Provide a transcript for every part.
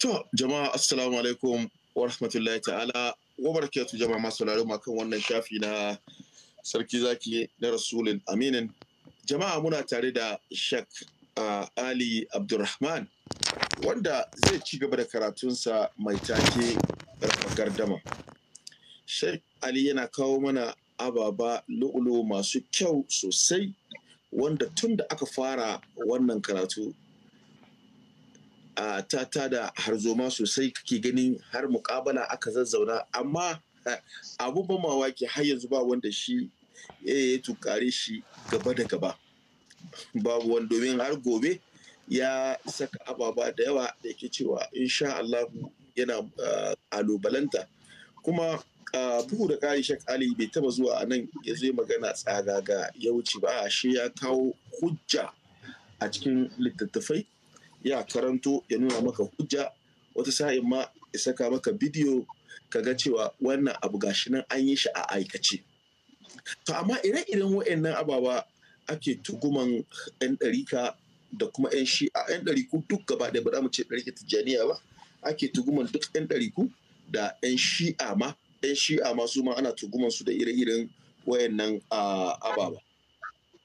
To, jama'a assalamu alaikum wa rahmatullahi ta'ala wa barakatu jama'a masu laruma kan wannan shafi na sarki zaki na rasulun aminin. Jama'a muna tare da Shek Ali Abdulrahman wanda zai ci gaba da karatunsa mai take rafa gardama. Shek Ali yana kawo mana ababa lu'ulu masu kyau sosai wanda tun da aka fara wannan karatu ta tada harzoma sosai kake ganin har mukabala aka zazzauna amma eh, abu ban mawaki har yanzu ba wanda shi eh, ya tukare shi gaba da gaba babu wani domin har gobe ya saka ababa da yawa da yake cewa insha Allah yana eh, alubalanta kuma buhu da kari shak ali bai taba zuwa a nan ya zo magana tsagaga ya wuce ba shi ya kawo hujja a cikin littattafai ya karanto ya nuna maka hujja wata sa'in ma ya saka maka bidiyo ka ga cewa wannan abu gashi nan an yi shi a aikace to amma ire-iren wa'annan ababa ake tuguman 'yan ɗarika da kuma 'yan shi a 'yan ɗariku duk gaba ɗaya ba mu ce ɗarika tijjaniya ba ake tuguman duk 'yan ɗariku da 'yan shi'a ma 'yan shi'a ma su ma ana tuguman su da ire-iren wayannan ah, ababa.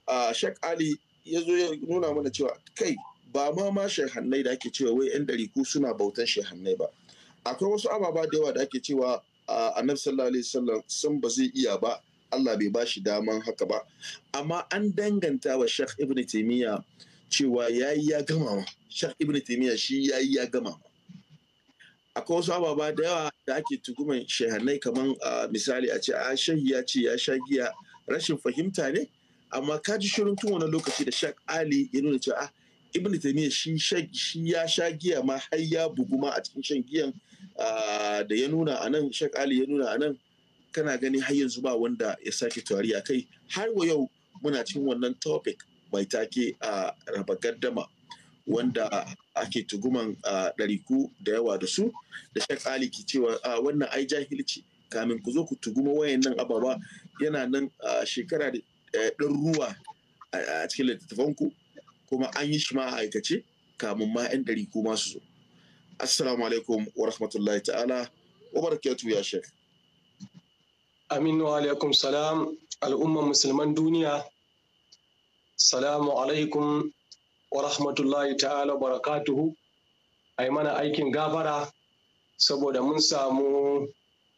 Ah, Shek Ali ya zo ya nuna mana cewa kai ba ma ma shehannai da ake cewa wai 'yan dariku suna bautan shehannai ba akwai wasu ababa da yawa da ake cewa annabi sallallahu alaihi wasallam sun ba zai iya ba Allah bai bashi daman haka ba amma an danganta wa Sheikh Ibn Taymiyyah cewa yayi ya gama wa. Sheikh Ibn Taymiyyah shi yayi ya gama akwai wasu ababa da yawa da ake tukuman shehannai kamar misali a ce a shahi ya ce ya sha giya rashin fahimta ne amma ka ji shirin tun wani lokaci da Sheikh Ali ya nuna cewa a. Ah, ibn taymiya shi shi ya sha giya ma har ya bugu ma a cikin shan giyan da ya nuna anan shek ali ya nuna anan kana gani har yanzu ba wanda ya sake tari a kai har wa yau muna cikin wannan topic mai take a raba gaddama wanda ake tuguman ɗariku da yawa da su da shek ali ke cewa wannan ai jahilci kamin ku zo ku tuguma wayannan ababa yana nan shekara da eh, ruwa a cikin littattafanku kuma an yi shi ma aikace kamun ma 'yan ɗari kuma su zo assalamu alaikum wa rahmatullahi ta'ala wa barakatu ya shek aminu alaikum salam al'umman musulman duniya salamu alaikum wa rahmatullahi ta'ala barakatuhu a yi mana aikin gabara saboda mun samu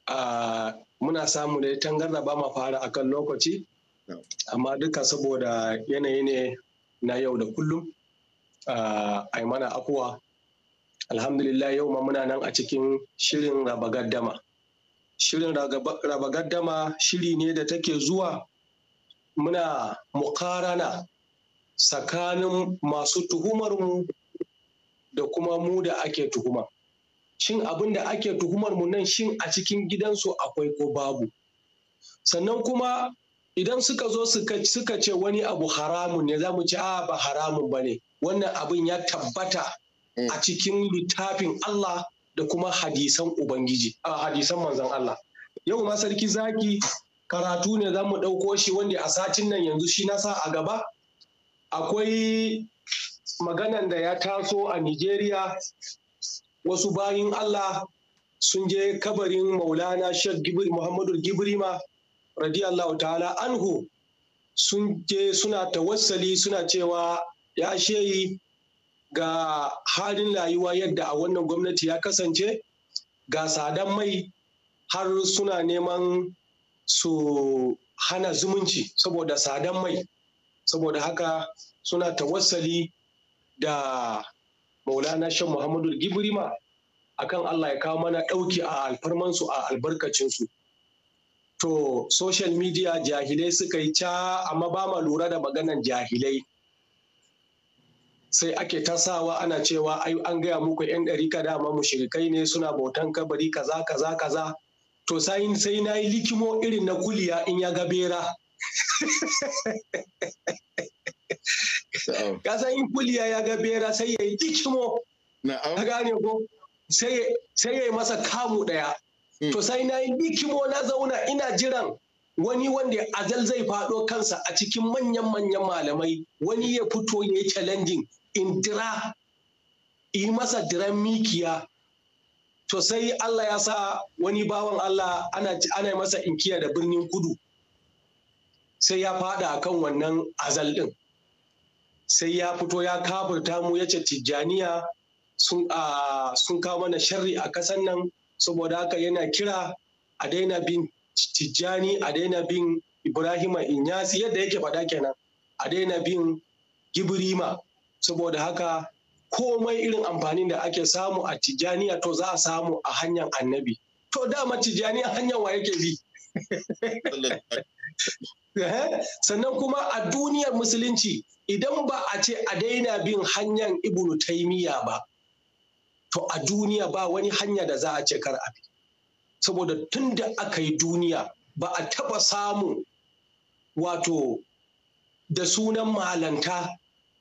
a muna samu da tangarda ba ma fara akan lokaci amma duka saboda yanayi ne na yau da kullum a ah, mana afuwa alhamdulillah yau ma muna nan a cikin shirin raba gaddama shirin raba gaddama shiri ne da take zuwa muna mukarana tsakanin masu tuhumarmu da kuma mu da ake tuhuma shin abin da ake mu nan shin a cikin gidansu akwai ko babu sannan kuma idan suka zo suka ce wani abu haramun ne za mu ce a ah, ba haramun ba ne wannan abin ya tabbata eh. a cikin littafin Allah da kuma hadisan ubangiji a hadisan manzan Allah yau ma sarki zaki karatu ne za mu ɗauko shi wanda a satin nan yanzu shi nasa a gaba akwai maganan da ya taso a Nigeria wasu bayin Allah sun je kabarin maulana Sheikh Muhammadu Gibrima radiyallahu ta'ala anhu sun je suna tawassali suna cewa ya shehi ga halin rayuwa yadda a wannan gwamnati ya kasance ga sadan mai har suna neman su hana zumunci saboda sadan mai saboda haka suna tawassali da maulana shan muhammadu gibrima akan allah ya kawo mana ɗauki a alfarmansu a albarkacinsu to social media jahilai suka yi ca amma ba ma lura da maganan jahilai sai ake tasawa ana cewa ai an gaya muku yan ɗarika dama mushrikai ne suna bautan kabari kaza kaza kaza to sai sai na yi likimo irin na kuliya in ya ga bera kasan in kuliya ya ga bera sai ya yi likimo na gane ko sai ya yi masa kamu ɗaya Mm. To sai na yi bikimo na zauna ina jiran wani wanda azal zai faɗo kansa a cikin manyan-manyan malamai wani ya fito ya yi challenging in dira yi masa diran mikiya to sai Allah ya sa wani bawan Allah ana ana masa inkiya da birnin kudu sai ya faɗa akan wannan azal ɗin sai ya fito ya kafurta mu ya ce tijjaniya sun ah, kawo mana sharri a kasan nan saboda haka yana kira a daina bin tijjani a daina bin ibrahima inyasi yadda yake faɗa kenan a daina bin gibrima saboda haka komai irin amfanin da ake samu a tijjaniya to za a samu a hanyar annabi to dama tijjaniya hanyar wa yake bi eh? sannan kuma a duniyar musulunci idan ba a ce a daina bin hanyar ibnu taimiya ba to a duniya ba wani hanya da za a ce kar a bi saboda tunda da aka yi duniya ba a taba samu wato da sunan malanta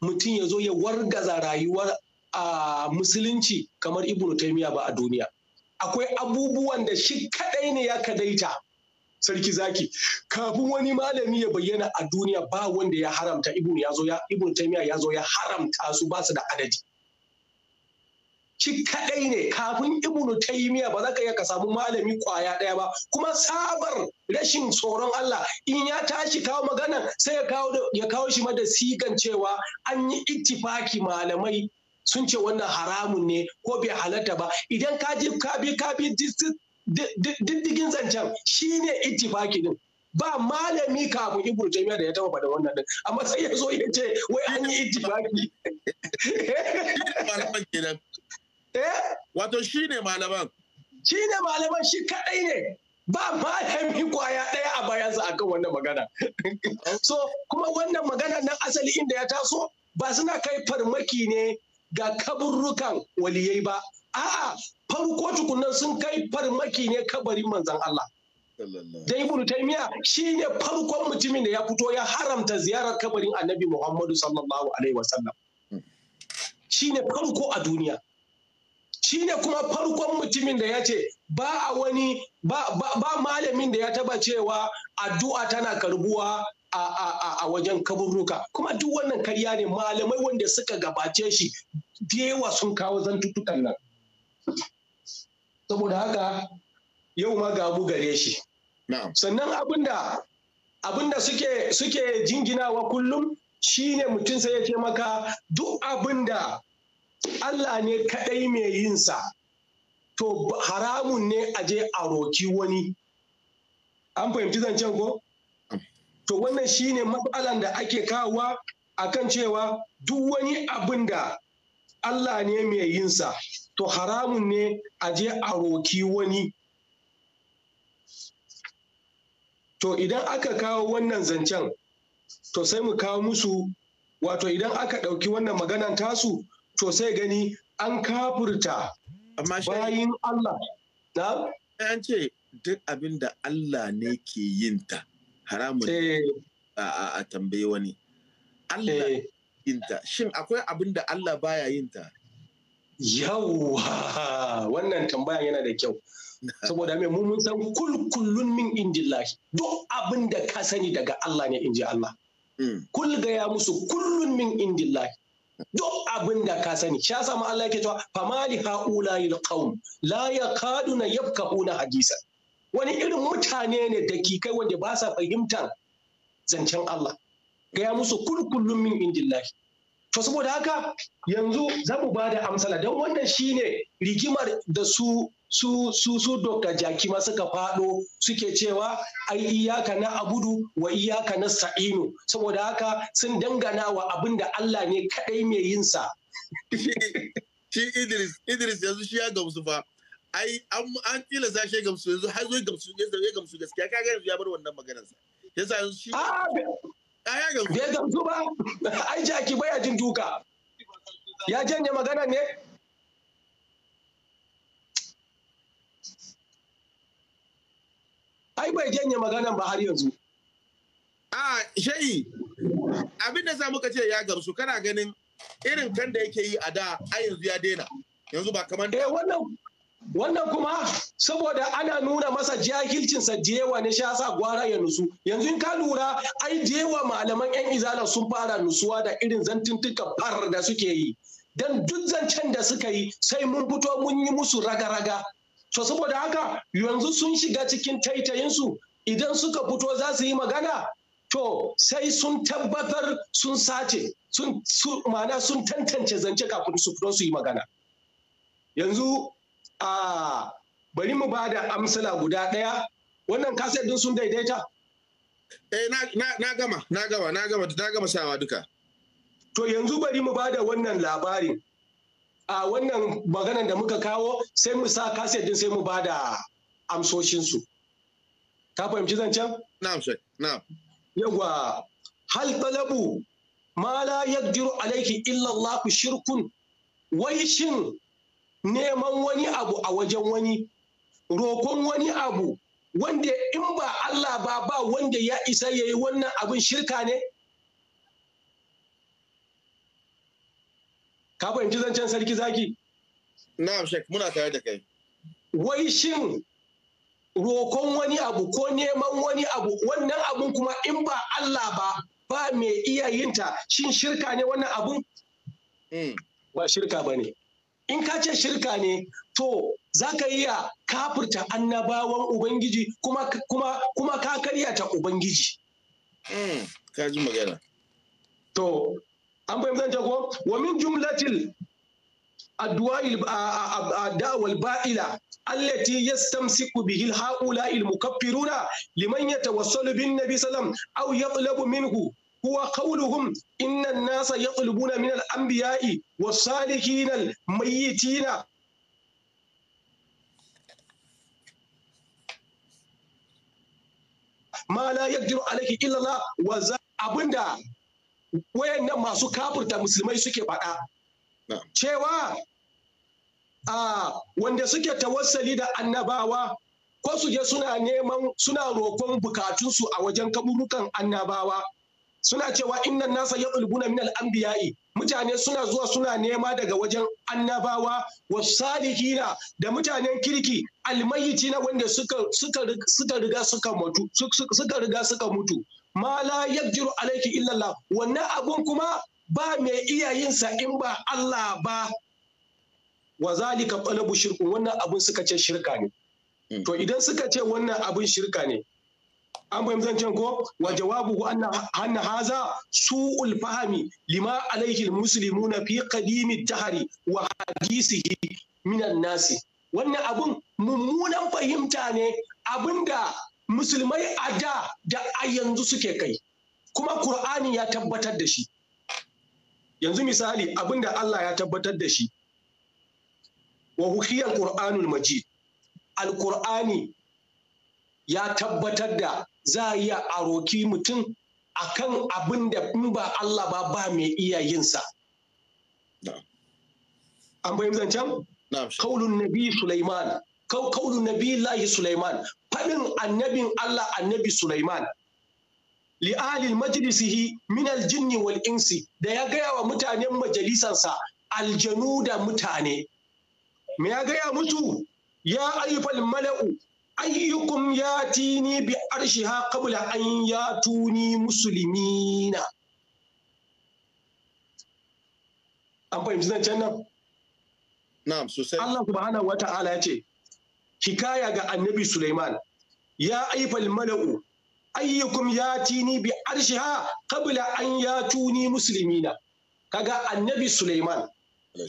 mutum ya zo ya wargaza rayuwar a musulunci kamar ibnu taimiya ba a duniya akwai abubuwan da shi kadai ne ya kadaita sarki zaki kafin wani malami ya bayyana a duniya ba wanda ya haramta ibnu ya zo ya taimiya ya zo ya haramta su ba su da adadi Ci kaɗai ne kafin ibnu taymiya ba za ka iya ka samu malami kwaya ɗaya ba kuma sabar rashin tsoron Allah in ya tashi kawo magana sai ya kawo shi mada sigan cewa an yi ittifaki malamai sun ce wannan haramun ne ko bai halatta ba idan ka ji ka bi ka bi diddigin zancen shine ittifaki din ba malami kafin ibnu taymiya da ya taba da wannan din amma sai ya zo ya ce wai an yi ittifaki Eh? Wato shi ne malaman. Shi ne malaman shi kaɗai ne. Ba malami kwaya ɗaya a bayansa akan wannan magana. so kuma wannan magana nan asali inda ya taso ba suna kai farmaki ne ga kaburrukan waliyai ba. A'a farko tukunan sun kai farmaki ne kabarin manzan Allah. Da Ibn Taymiya shi ne farkon mutumin da ya fito ya haramta ziyarar kabarin Annabi Muhammadu sallallahu alaihi wasallam. Hmm. Shi ne farko a duniya. Shi ne kuma farkon mutumin da ya ce ba a wani ba, malamin da ya taba cewa addu'a tana karbuwa a, wajen kaburruka kuma duk wannan karya ne malamai wanda suka gabace shi yawa sun kawo zantuttukan nan saboda haka yau ma gabu gare shi sannan abinda abinda suke suke jinginawa kullum shine mutum sai ya ce maka duk abinda Allah ne kaɗai mai yinsa, to haramun ne a je a roki wani. An fahimci zancen ko? To wannan shi ne matsalan da ake kawowa kan cewa duk wani abin da Allah ne mai yinsa, to haramun ne a je a roki wani. To idan aka kawo wannan zancen, to sai mu kawo musu, wato idan aka ɗauki wannan maganan tasu, to sai gani an kafurta bayin Allah an ce duk abin da Allah ne ke yin ta haramun eh. a tambaye wani Allah eh. yin ta shin akwai abin da Allah baya yin ta yawwa wannan tambaya yana da kyau saboda me mun san kulkullun min indillahi duk abin da ka sani daga Allah ne in ji Allah hmm. kul gaya musu kullun min indillahi duk abin da ka sani sha samu Allah yake cewa famali haula il qaum la yakaduna yafkahuna hadisa wani irin mutane ne dakikai wanda ba sa fahimtar zancen Allah gaya musu kulkullum min indillahi to saboda haka yanzu za mu ba da amsala don wannan shine rigimar da su su su su Dr. ma suka fado suke cewa ai iyaka na abudu wa iyaka na sa'inu saboda haka sun dangana wa abin da Allah ne kadai mai yin sa shi Idris Idris yanzu shi ya gamsu fa ai an tilasa shi gamsu yanzu har zo gamsu ya gamsu gaskiya kaga yanzu ya bar wannan maganar sa yasa yanzu shi ah, Ya gamsu ba ai jaki ya jin duka ya janye magana ne ai bai janye magana ba har yanzu a shayi abin da za muka ce ya gamsu kana ganin irin kan da yake yi a da a yanzu ya daina yanzu ba kamar da eh, wannan wannan kuma saboda ana nuna masa jahilcinsa jewa ne sha sa gwara ya nusu yanzu in ka lura ai jewa malaman yan izala sun fara nusuwa da irin zantuntuka far da suke yi dan duk zancen da suka yi sai mun fito mun yi musu raga-raga to saboda haka yanzu sun shiga cikin taitayinsu idan suka fito za su yi magana to sai sun tabbatar sun sace sun mana sun tantance zance kafin su fito su yi magana yanzu a bari mu ba da amsala guda ɗaya wannan kaset din sun daidaita eh na gama na gama na gama na gama sawa duka to yanzu bari mu ba da wannan labarin a wannan maganan da muka kawo sai mu sa kaset din sai mu ba da amsoshinsu ka fahimci zancen na'am sai na'am yawa hal talabu ma la yaqdiru alayhi illa Allah shirkun wai shin neman wani abu a wajen wani roƙon wani abu wanda in ba Allah ba ba wanda ya isa ya yi wannan abin shirka ne? Ka fahimci zancen sarki zaki? Na Shek, muna tare da kai. Wai shin rokon wani abu ko neman wani abu wannan abun kuma in ba Allah ba ba mai iyayinta shin shirka ne wannan abun? Hmm. Ba shirka ba ne. in ka ce shirka ne to za ka iya kafurta annabawan ubangiji kuma ka karya ta ubangiji hmm, ka ji magana to an fahimta ta ko wa min jumlatil addu'a'il da'wal ba'ila allati yastamsiku bihi ha'ula'il mukaffiruna liman yatawassalu bin nabi au ya yatlabu minhu huwa qauluhum inna an-nasa yatlubuna min al-anbiya'i was-salihin al-mayyitina ma la yaqdiru alayhi illa Allah wa abinda wayannan masu kafurta musulmai suke faɗa cewa a wanda suke tawassali da annabawa ko su je suna neman suna roƙon bukatunsu a wajen kaburukan annabawa suna cewa innan nasa ya ulbuna min al'ambiya'i mutane suna zuwa suna nema daga wajen annabawa wa salihina da mutanen kirki almayiti na wanda suka riga suka mutu suka riga suka mutu ma la alayki illallah wannan abun kuma ba mai iya yin sa in ba Allah ba wa zalika qalabu shirku wannan abun suka ce shirka ne hmm. to idan suka ce wannan abun shirka ne an fahimci can ko wa jawabu anna haza su'ul fahmi lima alaihi muslimuna fi qadimi tahari wa hadisihi minan nasi wannan abun mummunan fahimta ne abinda musulmai a da da a yanzu suke kai kuma Kur'ani ya tabbatar da shi yanzu misali abinda Allah ya tabbatar da shi wa hukiyar Qur'anul Majid al ya tabbatar da za a iya aroki roki mutum kan abin da in ba Allah ba ba mai iya yinsa. An bayan zancen? Kaulun Nabi Sulaiman, kaulun Nabi Lahi Sulaiman, faɗin annabin Allah annabi Sulaiman. Li'alil majlisihi min aljinni wal insi da ya gaya wa mutanen majalisansa aljanu da mutane. Me ya gaya mutu? Ya ayyufal mala'u ayyukum ya tini bi ha kabula an ya tuni musulmina an fahimci zancen nan na'am sosai Allah subhanahu wata'ala ya ce hikaya ga annabi Sulaiman ya aifal mala'u ayyukum ya tini bi ha kabula an ya tuni musulmina kaga annabi Sulaiman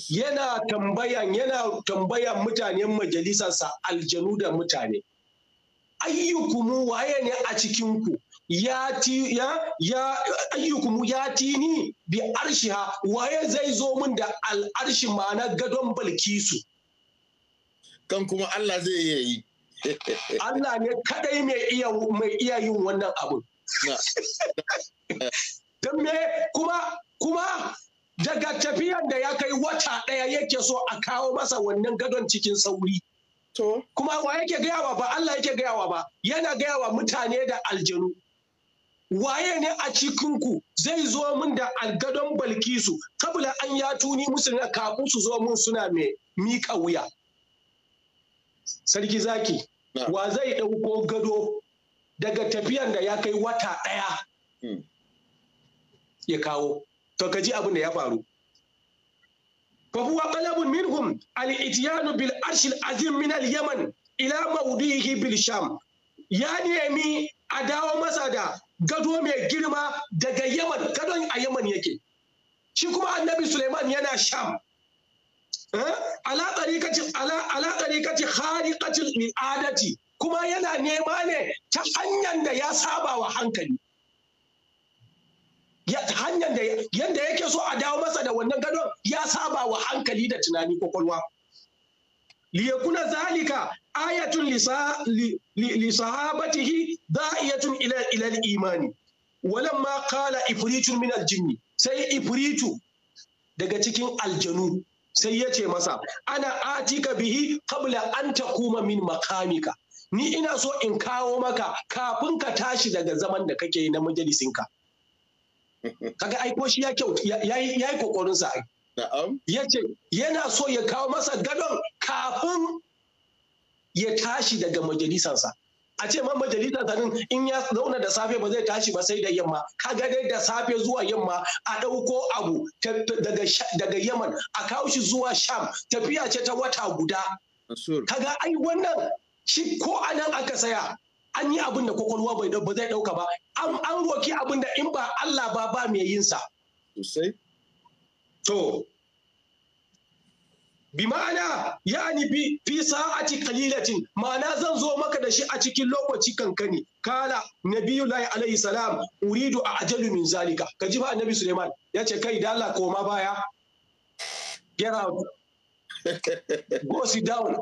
yana tambayan yana tambayan mutanen majalisarsa aljanu da mutane ayyukumu waye ne a cikinku ya ti ya ya ayyukumu ya tini bi arshiha waye zai zo min da al'arshi ma na gadon balkisu kan kuma Allah zai iya yi Allah ne kadai mai iya mai iya yin wannan abun don me kuma kuma daga tafiyan da ya kai wata ɗaya yake so a kawo masa wannan gadon cikin sauri Kuma wa yake gayawa ba Allah yake gayawa ba yana gayawa mutane da aljanu. Waye ne a cikinku zai zo min da algadon balkisu kabula an ya tuni musu na kafin su zo mun suna mai miƙa wuya. Sarki zaki, wa zai ɗauko gado daga tafiyan da ya kai wata ɗaya hmm. ya kawo. To ka ji abin da ya faru. فهو طلب منهم الاتيان بالعرش العظيم من اليمن الى موضعه بالشام يعني a dawo masa da gado mai girma daga yaman gadon a yaman yake shi kuma annabi suleiman yana sham eh? ala tsarikaci al'adati kuma yana nema ne ta hanyar da ya saba wa hankali hanyar da yadda yake so a dawo masa da wannan gadon ya saba wa hankali da tunani kwakwalwa liyakuna zalika ayatun lisahabatihi iya ila ila imani walamma kala ifritu min aljinni sai Ifiritu daga cikin aljanu sai ya ce masa ana ati ka bihi kabla an takuma min makamika ni ina so in kawo maka kafin ka tashi daga zaman da kake na majalisinka kaga aiko shi ya kyau yayi yi kokorin sa ya ce yana so ya kawo masa gadon kafin ya tashi daga majalisansa a ce ma majalisar sanin in ya zauna da safe ba zai tashi ba sai da yamma ka ga dai da safe zuwa yamma a ɗauko abu daga yaman a kawo shi zuwa sham tafiya ce ta wata guda Ka ga ai wannan shi ko anan aka saya an yi abin da kwakwalwa bai ba zai dauka ba an roki abin da in ba Allah ba ba mai yin sa sosai to bi ma'ana yani bi fi sa'ati qalilatin ma'ana zan zo maka da shi a cikin lokaci kankani kala nabiyullahi alaihi salam uridu a ajalu min zalika kaji ba annabi suleiman ya ce kai da Allah koma baya get go sit down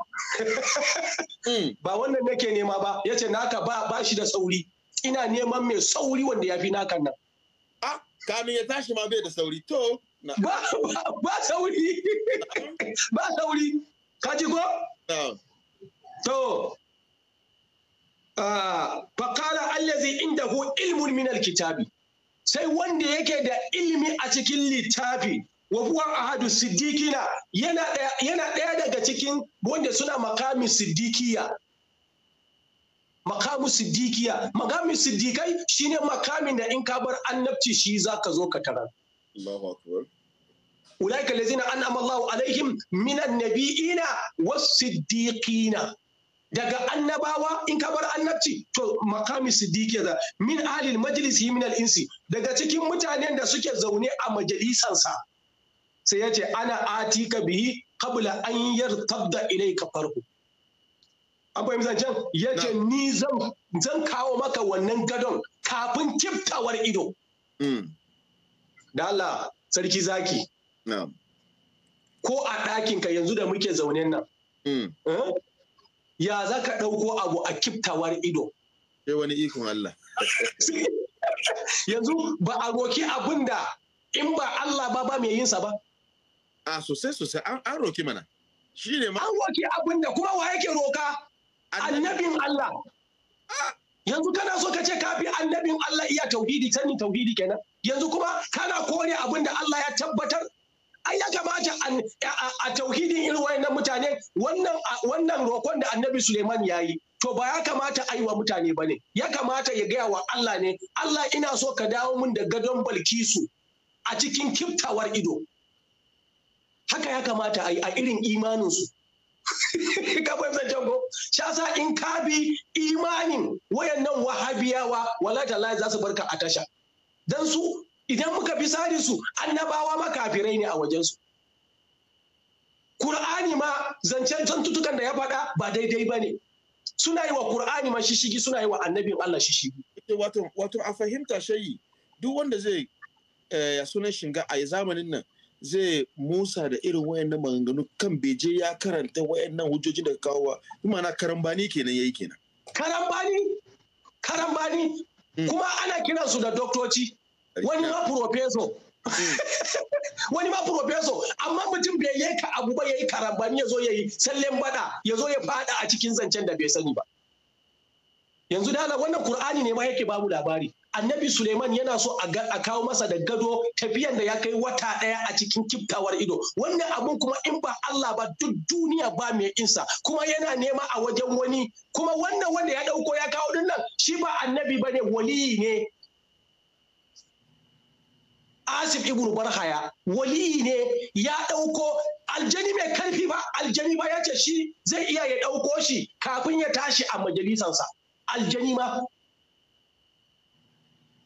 hmm. ba wannan nake nema ba Ya ce naka ba ba shi da sauri ina neman mai sauri wanda ya fi nakan nan a kamin ya tashi ma bai da sauri to ba sauri ba sauri ka ji ko to faƙala allazi indahu ilmun min alkitabi sai wanda yake da ilimi a cikin littafi wa huwa ahadu siddiqina yana ɗaya daga cikin wanda suna makamin siddiqiya makamu siddiqiya makamin siddiqai shine makamin da in ka bar annabci shi zaka zo ka tarar Allahu akbar ulaika allazina an'ama Allahu alaihim minan nabiyina was-siddiqina daga annabawa in ka bar annabci to makamin siddiqiya za min al majlisi min al insi daga cikin mutanen da suke zaune a majalisansa sai ya ce ana ati ka bihi kabula an ilai ka farko an fahimci zancen ya ce ni zan kawo maka wannan gadon kafin kiftawar ido hmm. da Allah sarki zaki ko a ɗakinka yanzu da muke zaune nan hmm. eh, ya za ka ɗauko abu a kiftawar ido sai wani ikon Allah yanzu ba a roki abin da in ba Allah ba ba mai yinsa ba a sosai sosai an roki mana shi ne ma an roki abin da kuma wa yake roka annabin Allah yanzu kana so ka ce ka fi annabin Allah iya tauhidi sanin tauhidi kenan yanzu kuma kana kore abin da Allah ya tabbatar ai ya kamata a tauhidin irin wayannan mutane wannan wannan roƙon da annabi Suleiman ya yi to ba ya kamata a yi wa mutane ba ne ya kamata ya gaya wa Allah ne Allah ina so ka dawo mun da gadon balkisu a cikin kiftawar ido haka ya kamata a yi a irin imaninsu ka fahimtar jango shasa in ka bi imanin wayannan wahabiyawa wala tallahi za su barka a tasha don su idan muka fi sari su annabawa ma kafirai ne a wajensu Kur'ani ma zancen zantutukan da ya faɗa ba daidai ba ne suna yi wa Kur'ani ma shishigi suna yi wa annabin Allah shishigi wato a fahimta shayi duk wanda zai eh, sunan shiga a zamanin nan zai musa da irin wayannan maganganu kan beje ya karanta wayannan hujjoji da kawowa na karambani kenan yayi kenan karambani karambani hmm. kuma ana kiransu da doktoci wani ma profeso hmm. wani ma profeso amma mutum bai yi ka abu ba yayi karambani ya zo yayi sallen bada ya zo ya fada a cikin zancen da bai sani ba yanzu da wannan qur'ani ne ma yake babu labari annabi Suleiman yana so a kawo masa da gado tafiyan da ya kai wata daya a cikin kiftawar ido wannan abun kuma in ba Allah ba duk duniya ba mai insa kuma yana nema a wajen wani kuma wannan wanda ya dauko ya kawo din shi ba annabi ba ne, waliyi ne Asif ibn Barhaya waliyi ne ya dauko aljani mai karfi ba aljani ba ya ce shi zai iya ya dauko shi kafin ya tashi a majalisansa aljani ma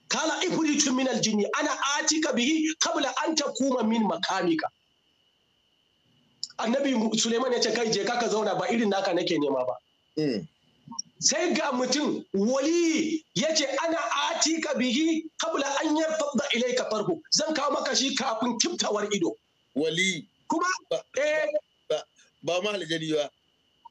kala ifritun min aljinni ana atika bihi kabla an takuma min makamika annabi suleiman ya ce kai je ka zauna ba irin naka nake nema ba hmm. sai ga mutum wali ya ce ana atika bihi kabla an yarfadda ka farko zan kawo maka shi kafin kiftawar ido wali kuma eh ba ma aljani ba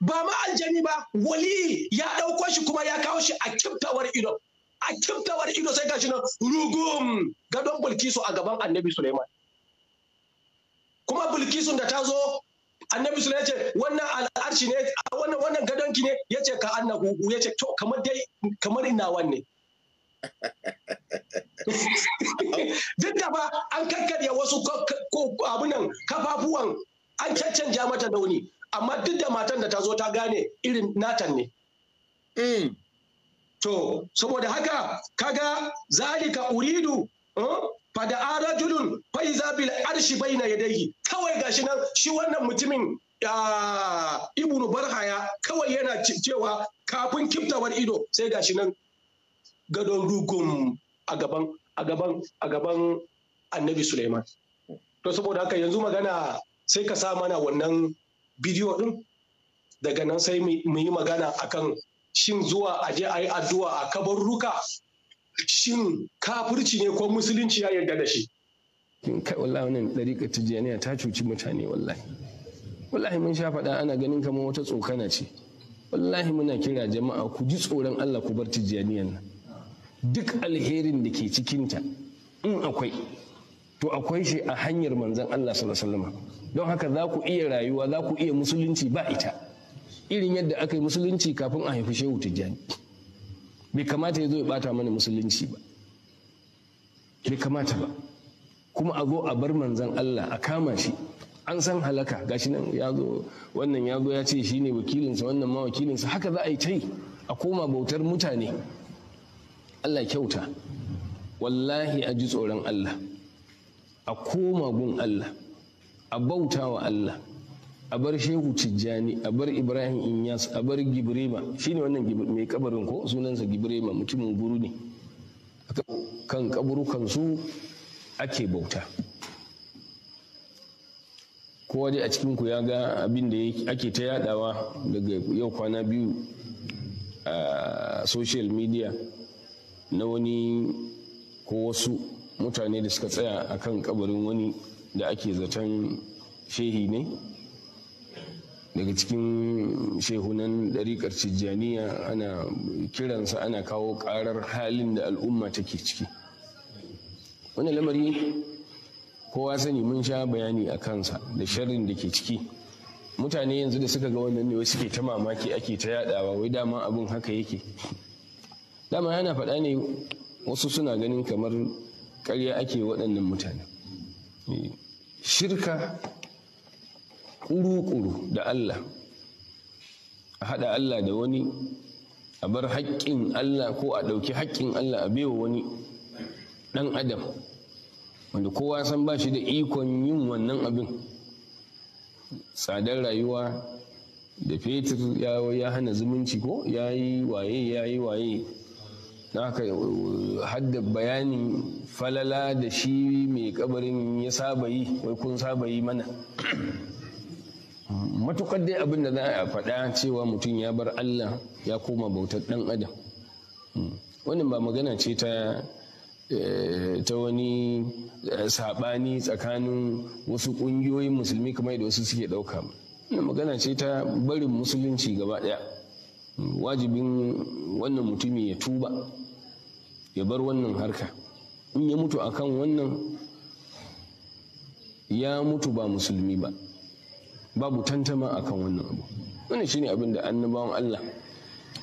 ba ma aljani ba wali ya ɗauko shi kuma ya kawo shi a kiftawar ido a kiftawa da ido sai shi nan rugum gadon bilkisu a gaban annabi suleiman kuma bilkisun da ta zo annabi suleiman ya ce wannan al'arshi ne wannan wannan gadonki ne ya ce ka annahu ya ce to kamar dai kamar ina wanne duk da ba an kakkarya wasu abunan kafafuwan an caccanja mata wuni. amma duk da matan da ta zo ta gane irin natan ne mm. to saboda haka kaga zalika uridu eh, fada arajulun faiza bil arshi baina yadayhi kawai gashi nan shi wannan mutumin ibnu barhaya kawai yana cewa kafin kiftawar ido sai gashi nan gadon rugun a gaban a gaban a gaban annabi suleiman to saboda haka yanzu magana sai ka sa mana wannan bidiyo din daga nan sai mu yi magana akan shin zuwa aje a yi addu'a a kabarruka shin kafirci ne ko musulunci ya yarda da shi kai wallahi wannan dariƙa tijjaniya ta cuci mutane wallahi wallahi mun sha faɗa ana ganin kamar wata tsokana ce wallahi muna kira jama'a ku ji tsoron Allah ku bar tijjaniyan nan duk alherin da ke cikinta in akwai to akwai shi a hanyar manzon Allah sallallahu alaihi wasallam don haka za ku iya rayuwa za ku iya musulunci ba ita irin yadda aka yi musulunci kafin a haifi shehu tijjani bai kamata ya zo ya bata mana musulunci ba bai kamata ba kuma a zo a bar manzan Allah a kama shi an san halaka gashi nan ya zo wannan ya zo ya ce shi ne wakilinsa wannan ma wakilinsa haka za a yi ta yi a koma bautar mutane Allah kyauta wallahi a ji tsoron Allah a koma gun Allah a bauta wa Allah a bar shehu tijjani a bar ibrahim inyas a bar gibrema shine wannan mai kabarin ko sunansa gibrema mutumin guru ne kan kaburukan su ake bauta kowa dai a cikin ku ya ga abin da ake ta yadawa daga yau kwana biyu a social media na wani ko wasu mutane da suka tsaya akan kabarin wani da ake zaton shehi ne daga cikin shehunan ɗariƙar tijjaniya ana kiransa ana kawo ƙarar halin da al'umma take ciki wani lamari kowa sani mun sha bayani a kansa da sharrin da ke ciki mutane yanzu da suka ga wannan ne wasu suke ta mamaki ake ta yadawa wai dama abin haka yake dama yana faɗa ne wasu suna ganin kamar ƙarya ake waɗannan mutane eh, shirka kuru-kuru da Allah a haɗa Allah da wani a bar haƙƙin Allah ko a ɗauki haƙƙin Allah a bewa wani ɗan adam wanda kowa san ba shi da ikon yin wannan abin tsadar rayuwa da fetur ya hana zumunci ko ya yi waye ya yi waye na haka uh, hadda bayanin falala da shi mai kabarin ya saba yi wai kun saba yi mana matukar dai abin da za a faɗa cewa mutum ya bar Allah ya koma bautar ɗan adam hmm. wannan ba magana ce ta eh, ta wani eh, saɓani tsakanin wasu ƙungiyoyin musulmi kamar da wasu suke ɗauka wannan magana ce ta barin musulunci gaba ɗaya hmm. wajibin wannan mutumi ya tuba ya bar wannan harka in ya mutu akan wannan ya mutu ba musulmi ba babu tantama akan wannan abu wannan shine abin da annabawan Allah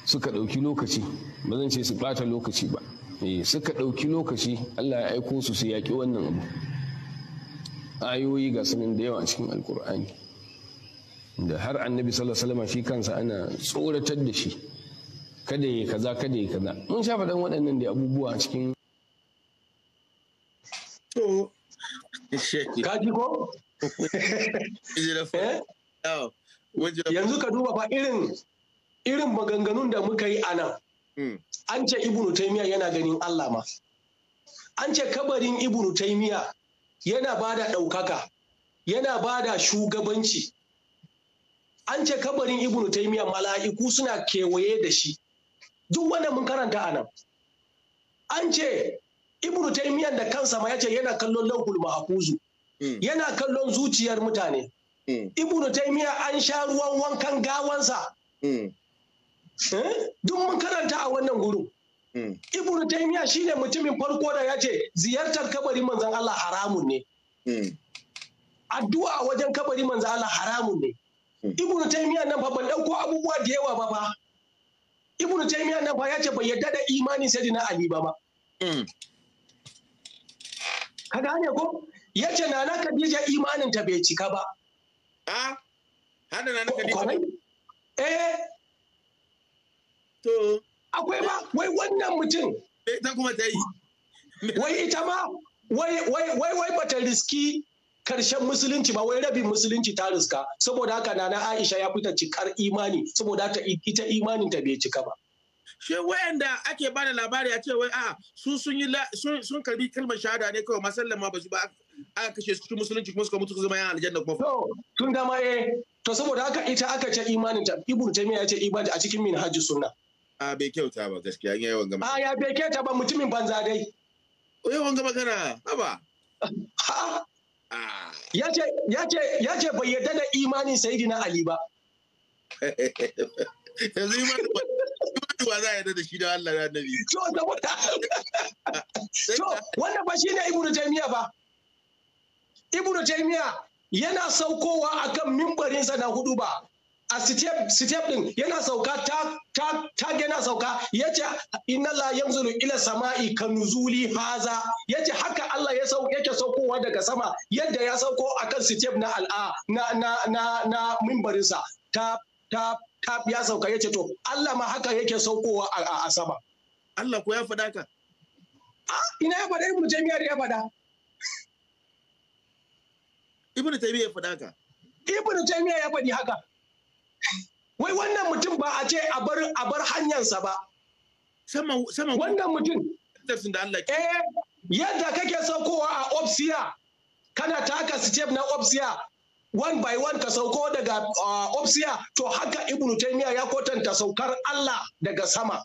suka ɗauki lokaci ba zan ce su ɓata lokaci ba eh, suka ɗauki lokaci Allah ya aiko su su yaƙi wannan abu ayoyi ga sanin da yawa a cikin alkur'ani da har annabi sallallahu alaihi shi kansa ana tsoratar da shi kada yi kaza kada yi kaza mun sha faɗan waɗannan da abubuwa a cikin Eh? yanzu ka duba ba irin irin maganganun da muka yi a nan hmm. an ce ibnu taimiya yana ganin allah ma an ce kabarin ibnu taimiya yana ba da ɗaukaka yana ba da shugabanci an ce kabarin ibnu taimiya mala'iku suna kewaye da shi duk wanda mun karanta a nan an ce ibnu taimiyan da kansa ma ya ce yana kallon lauhul mahfuzu Mm. yana kallon zuciyar mutane mm. ibnu taimiya an sha ruwan wankan gawansa mm. eh? duk mun karanta a wannan gurin ibnu taimiya shine mutumin farko da ya ce ziyartar kabarin manzon Allah haramun ne addu'a wajen kabarin manzon Allah haramun ne ibnu taimiya nan fa ban dauko abubuwa da yawa ba ba. ibnu taimiya nan fa ya ce bai yadda da imani sai na ali ba ba ka gane ko ya ce nana Khadija imanin ta bai cika ba. A? Hada nana Khadija? Eh. To. Akwai ba, wai wannan mutum. Ta kuma ta yi. Wai ita ma, wai wai bata riski karshen musulunci ba wai rabin musulunci ta riska saboda haka nana Aisha ya fita cikar imani saboda ita imanin ta bai cika ba. she wayanda ake bada labari a ce wai a su sun yi sun karbi kalmar shahada ne kawai masallan ma ba su ba aka kashe su cikin musulunci kuma suka mutu su zama yan aljanna kuma to tun dama eh to saboda haka ita aka ce imanin ta ibnu taymiya ya ce ibadi a cikin hajji sunna a ah, bai kyauta ba gaskiya an yawan gama a ah, ya bai kyauta ba mutumin banza dai oh, yawan gama kana haba ah. ya ce bai yarda da imanin sayyidina ali ba yanzu imanin Ba za a yarda da shi da Allah ya nabi? To da wata. To ba shine Ibn Taymiyyah ba. Ibn Taymiyyah yana saukowa akan mimbarinsa na hudu ba. a step step din yana sauka ta ta ta yana sauka yace inna la yanzuru ila sama'i kanuzuli haza yace haka Allah ya sauka yake saukowa daga sama yadda ya sauko akan step na al'a na na na na mimbarinsa ta ta ta ya sauka yace to Allah ma haka yake saukowa a asaba Allah ko ya faɗa ka ina ya faɗa ibnu Jami'a ya faɗa ibnu taymiya ya faɗa ka ibnu Jami'a ya faɗi haka wai wannan mutum ba a ce a bar a bar hanyarsa ba sama sama wannan mutum da Allah eh yadda kake saukowa a opsiya kana taka step na opsiya one by one ka sauko daga uh, opsiya to haka Ibn taymiya ya kotanta saukar Allah daga sama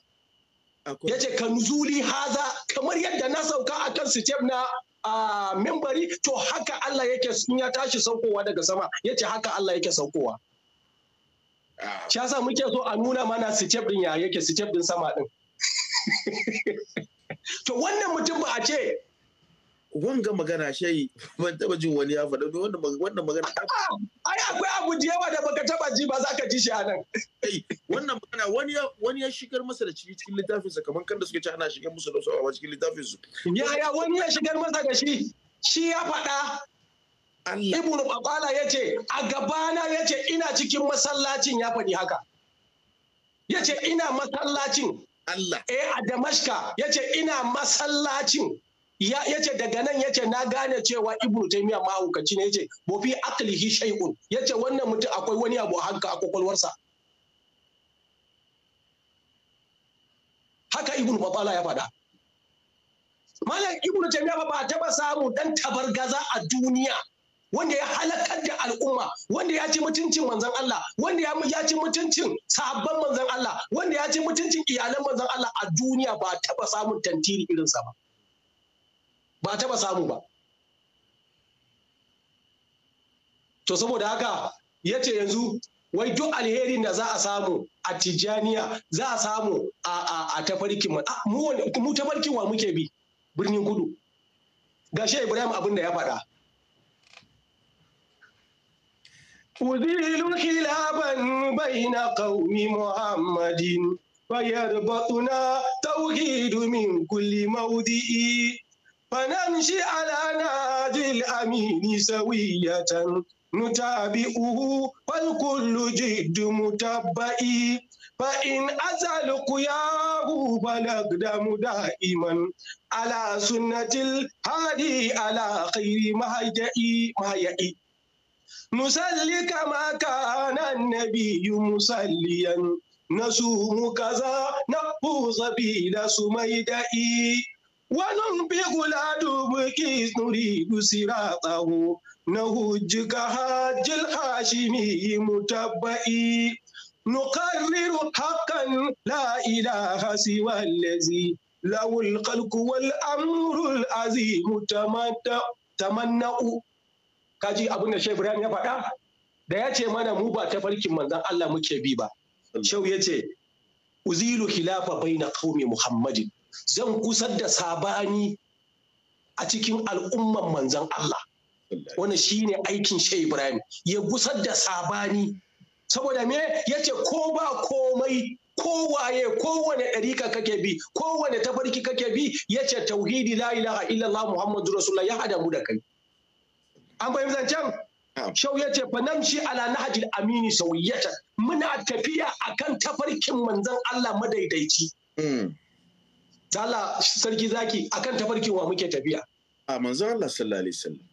yace nuzuli haza kamar yadda na sauka a kan sitef na uh, membari to haka Allah yake sun ya tashi saukowa daga sama yace haka Allah yake saukowa ah. shi yasa muke so a nuna mana sitef din ya yake sitef din sama din to wannan mutum ba a ce wanga magana shai ban taba jin wani ya faɗa wannan magana ai akwai abu da yawa da baka taba ji ba za ka ji shi a nan wannan magana wani ya wani ya shigar masa da ciki cikin littafin sa kamar kanda suke ci ana shigar musu da su a cikin littafin su yaya wani ya shigar masa da shi shi ya faɗa Allah ibnu ya ce a gabana yace ina cikin masallacin ya faɗi haka yace ina masallacin Allah eh a Damashka yace ina masallacin ya ce daga nan yace na gane cewa ibnu taymiya mahaukaci ne ya ce bo fi aklihi shay'un ya wannan mutum akwai wani abu a hanka a kwakwalwarsa haka ibnu batala ya faɗa malam ibnu taymiya ba ta taba samu dan tabargaza a duniya wanda ya halakar da al'umma wanda ya ci mutuncin manzon Allah wanda ya ci mutuncin sahabban manzon Allah wanda ya ci mutuncin iyalan manzon Allah a duniya ba taba samun tantiri irin sa ba ba taɓa samu ba to saboda haka ya ce yanzu wai duk alherin da za a samu a tijjaniya za a samu a tafarkin mu tafarkin wa muke bi birnin kudu gashi ibrahim abin da ya faɗa na خلافا بين قوم محمد فيربطنا توحيد من كل موضع فنمشي على نهج الأمين سوية نتابعه فالكل جد متبئي فإن أزل قياه فالأقدم دائما على سنة الهادي على خير مهجئي مهيئي نصلي كما كان النبي مصليا نصوم كذا نبوظ بلا سميدئي wani bi kula dubu ki tsori gusi ra na hujji ka hajjil hashimi yi mu tabba'i hakan la'ida hasi wa lezi lawul kalkuwal azi mu ta manna'u kaji abinda shebura ya faɗa? da ya ce mana mu ba ta farkin manzan Allah muke bi ba shau ya ce uzilu hilafa bai na kawo muhammadin zan kusar da sabani a cikin al'umman manzan Allah wani shi ne aikin Shai Ibrahim ya gusar da sabani saboda me ya ce ko ba komai kowaye kowane ɗarika kake bi kowane tafarki kake bi ya ce tauhidi la ilaha illallah muhammadu rasulullah ya hada mu da kai an fahimci zancen shau ya ce shi ala nahajil amini sauyatan muna tafiya akan tafarkin manzan Allah madaidaici hmm. Allah sarki zaki akan tafarkin wa muke tafiya a manzo Allah sallallahu alaihi wasallam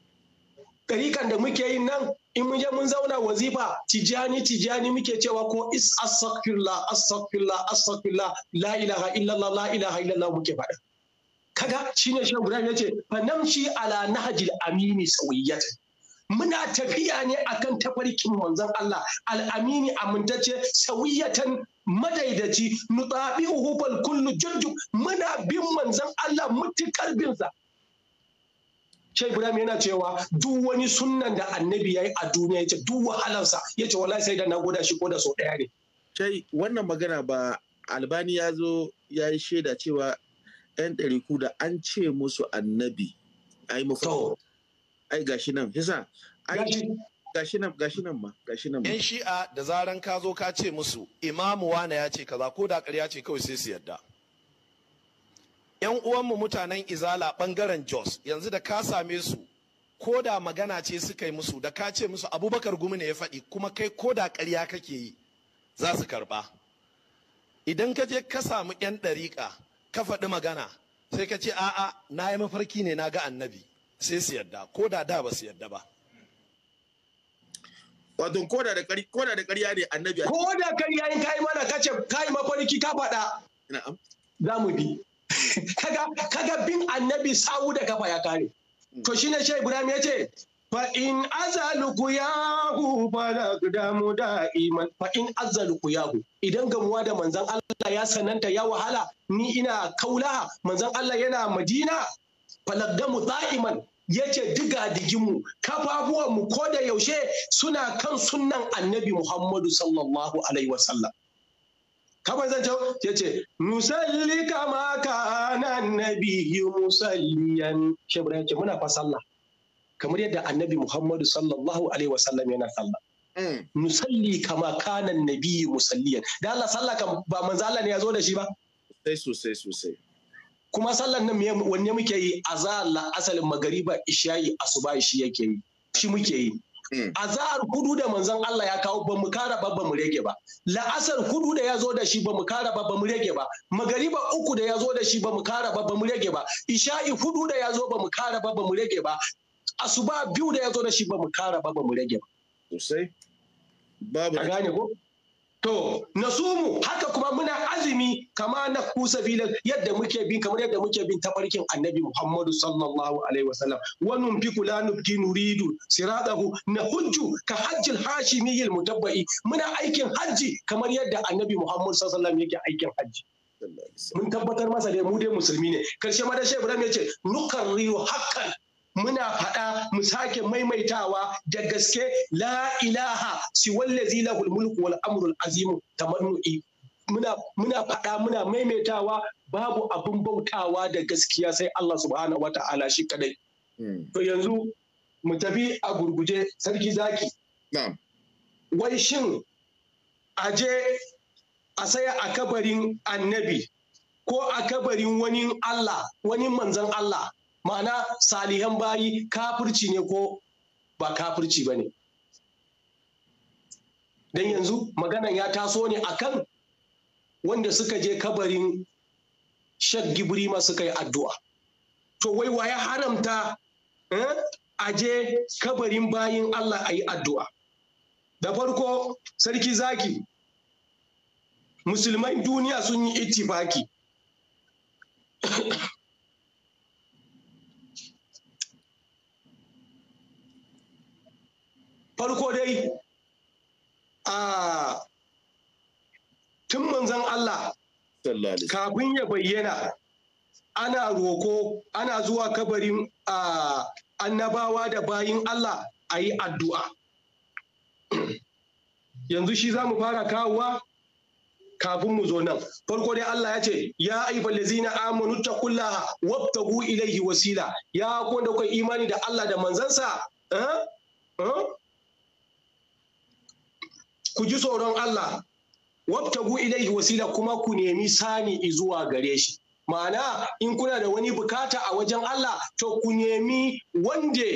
tarikan da muke yin nan in mun je mun zauna wazifa tijani tijani muke cewa ko is astaghfirullah astaghfirullah astaghfirullah la ilaha illallah la ilaha illallah muke faɗa kaga shine shan guda ce, fa namshi ala nahjil amini sawiyyatan muna tafiya ne akan tafarkin manzon Allah Al-Amini al-amini amintacce sawiyatan madaidaci nutsaɓi, uhubal kullu jujju muna bin manzon Allah mutukar binsa Shai Ibrahim yana cewa duk wani sunnan da annabi ya yi a duniya ya ce duk wahalarsa ya ce wallahi sai da na goda shi ko da sau ɗaya ne. Shai wannan magana ba albani ya zo ya yi shaida cewa 'yan ɗariku da an ce musu annabi yi mafi. ai gashi nan yasa gashi nan gashi nan ma gashi nan yan shi'a da zaran ka zo ka ce musu imamu wane ya ce kaza ko da ƙarya ce kawai sai su yadda yan uwanmu mutanen izala bangaren jos yanzu da ka same su ko da magana ce suka yi musu da ka ce musu abubakar gumi ne ya faɗi kuma kai ko da ƙarya kake yi za su karɓa idan ka je ka samu yan ɗariƙa ka faɗi magana sai ka ce a'a na yi mafarki ne na ga annabi sai su yadda ko da da ba su yadda ba wato koda da koda da ƙarya ne annabi koda ƙarya ka kai mana kace kai mafarki ka faɗa na'am za mu bi kaga kaga bin annabi sawu da kafa ya kare hmm. to shine shehu ibrahim ya ce fa in azaluku yahu falaqdamu da'iman fa in azaluku yahu idan gamuwa da manzon Allah ya sananta ya wahala ni ina kaulaha manzon Allah yana Madina falaqdamu da'iman ya ce digadiginmu kafafuwanmu ko da yaushe suna kan sunnan annabi muhammadu sallallahu alaihi wasallam Kamar zan ya ce musalli kama kana annabi musalliyan shebra ya ce muna fa sallah kamar yadda annabi muhammadu sallallahu alaihi wasallam yana sallah Musalli mm. kama kana annabi musalliyan da Allah sallah ba manzala ne ya zo da shi ba Sai sosai sosai kuma sallan nan wanne muke yi azahar la asalin magariba ishayi asuba shi yake yi shi muke yi azahar kudu da manzon Allah ya kawo ba mu kara ba ba mu rage ba la'asar kudu da ya zo da shi ba mu kara ba ba mu rage ba magariba uku da ya zo da shi ba mu kara ba ba mu rage ba isha'i hudu da ya zo ba mu kara ba ba mu rage ba asuba biyu da ya zo da shi ba mu kara ba ba mu rage ba sosai babu gane ko To, na sumu haka kuma muna azumi kama na kusa filin yadda muke bin kamar yadda muke bin tafarkin annabi Muhammadu sallallahu alaihi wasallam. Wannan fi kula nufki nuridu siradahu na hujju ka hajjil hashimi yil mutabba'i muna aikin hajji kamar yadda annabi Muhammadu sallallahu alaihi wasallam yake aikin hajji. Mun tabbatar masa da mu dai musulmi ne. Karshe ma da Shehu Ibrahim ya ce nukan riyu hakan muna faɗa mu sake maimaitawa da gaske la ilaha siwallazi lahul mulku wal amrul azimu tamannu'i muna muna faɗa muna maimaitawa babu abin bautawa da gaskiya sai Allah subhanahu wa ta'ala shi kadai hmm. to yanzu mu tafi a gurguje sarki zaki wai shin aje a saya a kabarin annabi ko a kabarin wani Allah wani manzon Allah ma'ana salihan bayi kafirci ne ko ba kafirci ba ne don yanzu maganan ya taso ne a kan wanda suka je kabarin shek gibrima suka yi addu'a to wai wa ya haramta eh, a je kabarin bayin allah a yi addu'a da farko sarki zaki musulman duniya sun yi ittifaki farko dai a tun manzan Allah kafin ya bayyana ana roko ana zuwa kabarin annabawa da bayin Allah a yi addu'a yanzu shi za mu fara kawowa kafin mu zo nan farko dai Allah ya ce ya zina amonu amanu kula wabtagu ilaihi wasila ya kuwa da kuka imani da Allah da manzansa eh, eh, ku ji tsoron Allah wabtagu ilaihi wasila kuma ku nemi sani zuwa gare shi ma'ana in kuna da wani bukata a wajen Allah to ku nemi wanda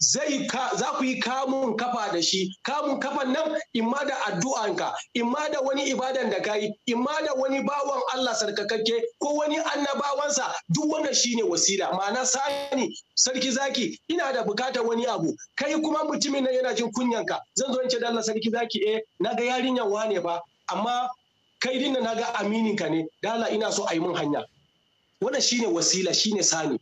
zai za ku yi kamun kafa da shi kamun kafan nan imma da addu'anka imma da wani ibadan da kai imma da wani bawan Allah sarkakakke ko wani annabawansa duk wannan shine wasila ma'ana sani sarki zaki ina da bukatar wani abu kai kuma mutumin nan yana jin kunyanka zan zo in ce da Allah sarki zaki eh naga yarinyan wane ba amma kai din na naga amininka ne Dala ina so a yi mun hanya wannan shine wasila shine sani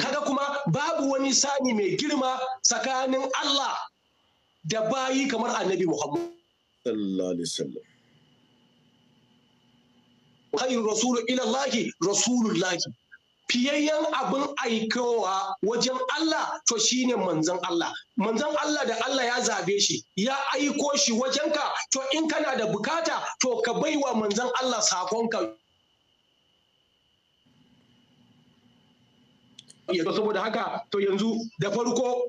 kaga kuma babu wani sani mai girma tsakanin Allah da bayi kamar annabi Muhammad sallallahu rasulu rasulullahi fiyayyen abin aikowa wajen Allah to shine manzon Allah manzon Allah da Allah ya zabe shi ya aiko shi wajenka to in kana da bukata to ka baiwa manzon Allah sakonka saboda haka to yanzu da farko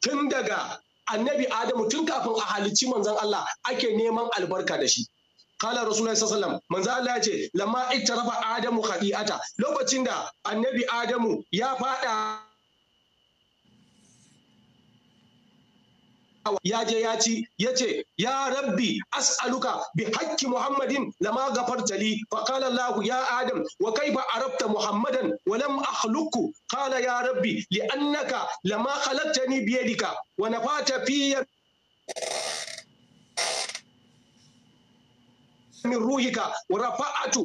tun daga annabi adamu tun kafin a halicci manzon Allah ake neman albarka da shi kala rasulullahi sallallahu manzo Allah ya ce lamma rafa adamu khati'ata lokacin da annabi adamu ya fada ya je ya ci ya ce ya rabbi as'aluka bi hakki muhammadin lama gafarta li fa qala allah ya adam wa kaifa arabta muhammadan wa lam akhluqu qala ya rabbi li annaka lama khalaqtani bi yadika wa nafata fi min ruhika wa rafa'atu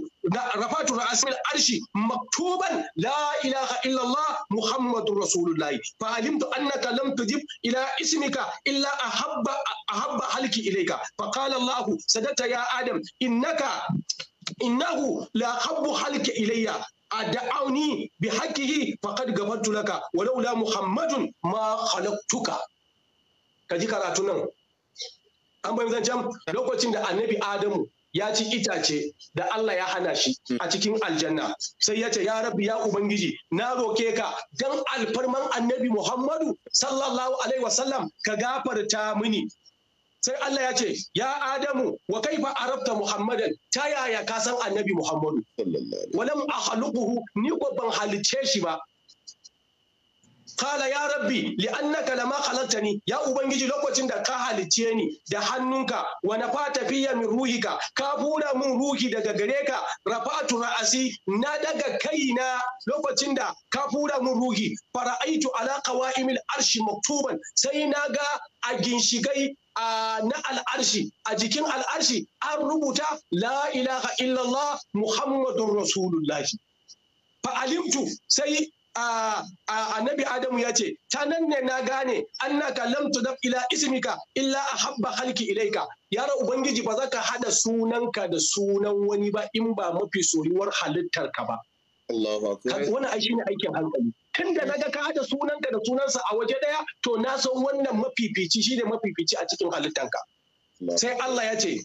rafa'atu ra'asil arshi maktuban la ilaha illallah muhammadur rasulullah fa alimtu annaka lam tujib ila ismika illa ahabba ahabba halki ilayka fa qala allah sadata ya adam innaka innahu la habbu halki ilayya ad'auni bihaqihi faqad gafartu laka walaula muhammadun ma khalaqtuka kaji karatu nan an bayyana zancen lokacin da annabi adamu ya ci itace da Allah ya hana shi a cikin aljanna sai ya ce ya rabbi ya ubangiji na roke ka dan alfarman annabi Muhammadu sallallahu alaihi wasallam ka gafarta mini sai Allah ya ce ya Adamu wa kaifa arabta Muhammadan ta yaya ka san annabi Muhammadu walam akhluquhu ni ko ban halice shi ba Kala ya rabbi annaka lama khalaqtani ya ubangiji lokacin da ka halicce ni da hannunka wa nafata fiyya min ruhika ka fura mun ruhi daga gare ka rafatu ra'asi na daga kaina lokacin da ka fura mun ruhi fara'aitu ala qawa'imil arshi maktuban sai na ga a ginshigai na al'arshi a jikin al'arshi an rubuta la ilaha illallah muhammadun rasulullahi fa'alimtu sai annabi Adamu ya ce, ta nan ne na gane, an na kalamtu da ila ismika illa a habba halki ilaika. Yara Ubangiji ba za ka haɗa sunanka da sunan wani ba in ba mafi soyuwar halittarka ba. Wani ai ne aikin hankali. Tun da naga ka haɗa sunanka da sunansa a waje ɗaya, to na san wannan mafifici shi ne mafifici a cikin halittanka. Sai Allah ya ce,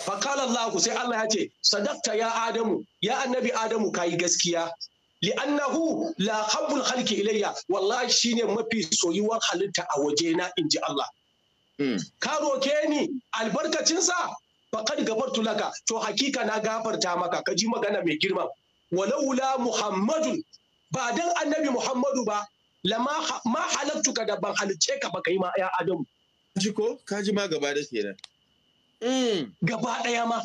Fakalallahu sai Allah ya ce, Sadakta ya Adamu, ya annabi Adamu ka yi gaskiya, li'annahu la habbul halki ilayya wallahi shine mafi soyuwar halitta a waje na, inji Allah hmm. ka roke ni albarkacinsa faqad gafartu laka to hakika na gafarta maka ka ji magana mai girma walaula muhammadun ba dan annabi muhammadu ba lama ma halattuka da ban halice ka ba kai ma ya adamu ji ko ka ji ma gaba da kenan hmm. gaba daya ma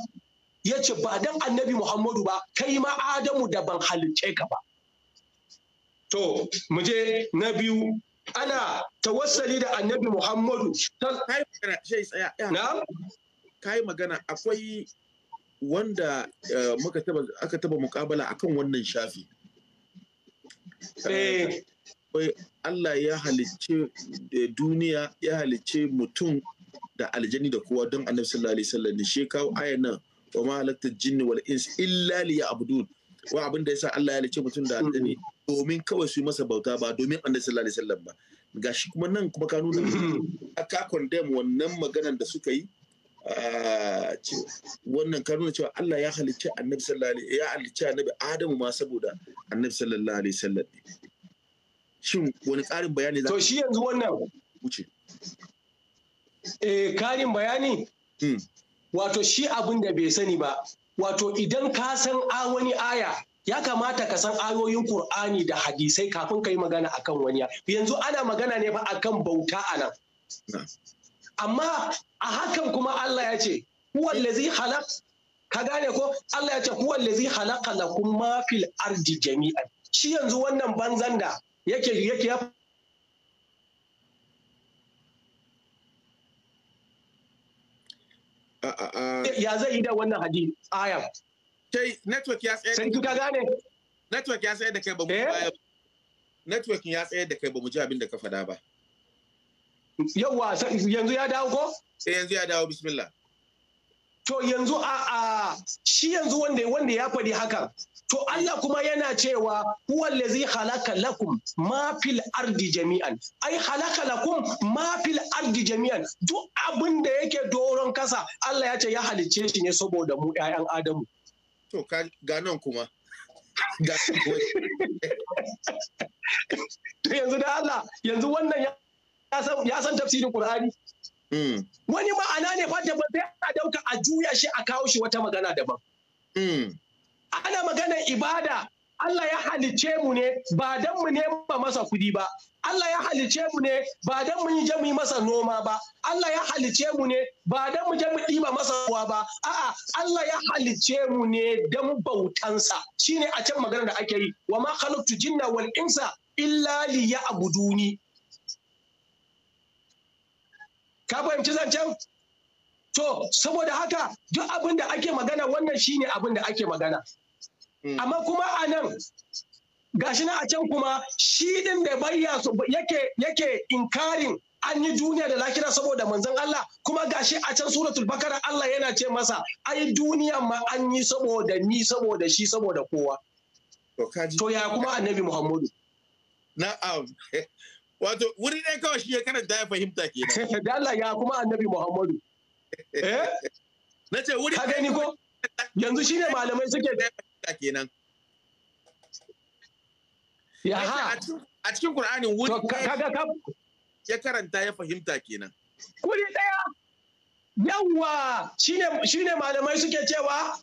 ya ce ba dan annabi Muhammadu ba kai ma Adamu da ban halicce ka ba. to muje na biyu ana tawassali da annabi muhammadu Ka yi magana akwai wanda eh, aka taba mukabala akan wannan shafi eh. Allah ya halicce duniya ya halicce mutum da aljani da kowa don annabi sallallahu alaihi wasallam ne shi kawo ayan nan wa ma halatta jinni wal ins illa liya ya'budun wa abin da yasa Allah ya halicce mutum da aljani domin kawai su yi masa bauta ba domin annabi sallallahu alaihi wasallam ba gashi kuma nan kuma ka nuna ka condemn wannan maganan da suka yi wannan ka nuna cewa Allah ya halicci annabi sallallahu alaihi ya halicci annabi Adamu ma saboda annabi sallallahu alaihi wasallam shin wani ƙarin bayani za to shi yanzu wannan wuce eh ƙarin bayani hmm. wato shi abin da bai sani ba wato idan ka san a wani aya ya kamata ka san ayoyin Kur'ani da hadisai kafin ka yi magana akan wani yanzu ana magana ne fa akan bauta a nan amma a hakan kuma Allah ya ce huwallazi halaq ka gane ko Allah ya ce huwallazi halaka lakum ma fil ardi jami'an shi yanzu wannan banzan da yake yake ya ya zai yi da wannan hadisi ayan kai network ya tsaye sai ka gane network ya tsaye da kai ba mu eh? baya network ya tsaye da kai ba mu ji abin da ka faɗa ba yawa yanzu ya dawo ko sai eh, yanzu ya dawo bismillah to yanzu a a shi yanzu wanda wanda ya faɗi hakan to Allah kuma yana cewa ladzi khalaqa lakum ma fil ardi jami'an ai khalaqa lakum ma fil ardi jami'an duk abin da yake doron kasa Allah ya ce ya halicce shi ne saboda mu ƴaƴan Adamu to ga nan kuma ga to yanzu da Allah yanzu wannan ya san tafsirin Qur'ani hmm. wani ma'ana ne fa da sai a dauka a juya shi a kawo shi wata magana daban hmm. ana magana ibada Allah ya halice mu ne ba dan mu nema masa kudi ba Allah ya halice mu ne ba dan mu yi mu masa noma ba Allah ya halice mu ne ba dan mu jami ɗiba masa ruwa ba a'a Allah ya halice mu ne dan bautansa shi ne a can magana da ake yi wa ma khalaqtu jinna wal insa illa liya'buduni ka fahimci zancen to saboda haka duk abin da ake magana wannan shi ne abin da ake magana Hmm. amma kuma a nan gashi na a can kuma shi din da bayya yake yake inkarin an yi duniya da lakira saboda manzon Allah kuma gashi a can suratul bakara Allah yana ce masa ai duniya ma an yi saboda ni saboda shi saboda kowa to ya kuma annabi Muhammadu na'am wato wuri ɗaya kawai shi ya karanta ya fahimta kenan da Allah ya kuma annabi Muhammadu eh na ce wuri ka gani ko yanzu shine malamai suke kenan ya a cikin wuri ya karanta ya fahimta kenan kuri daya yawa shine malamai suke cewa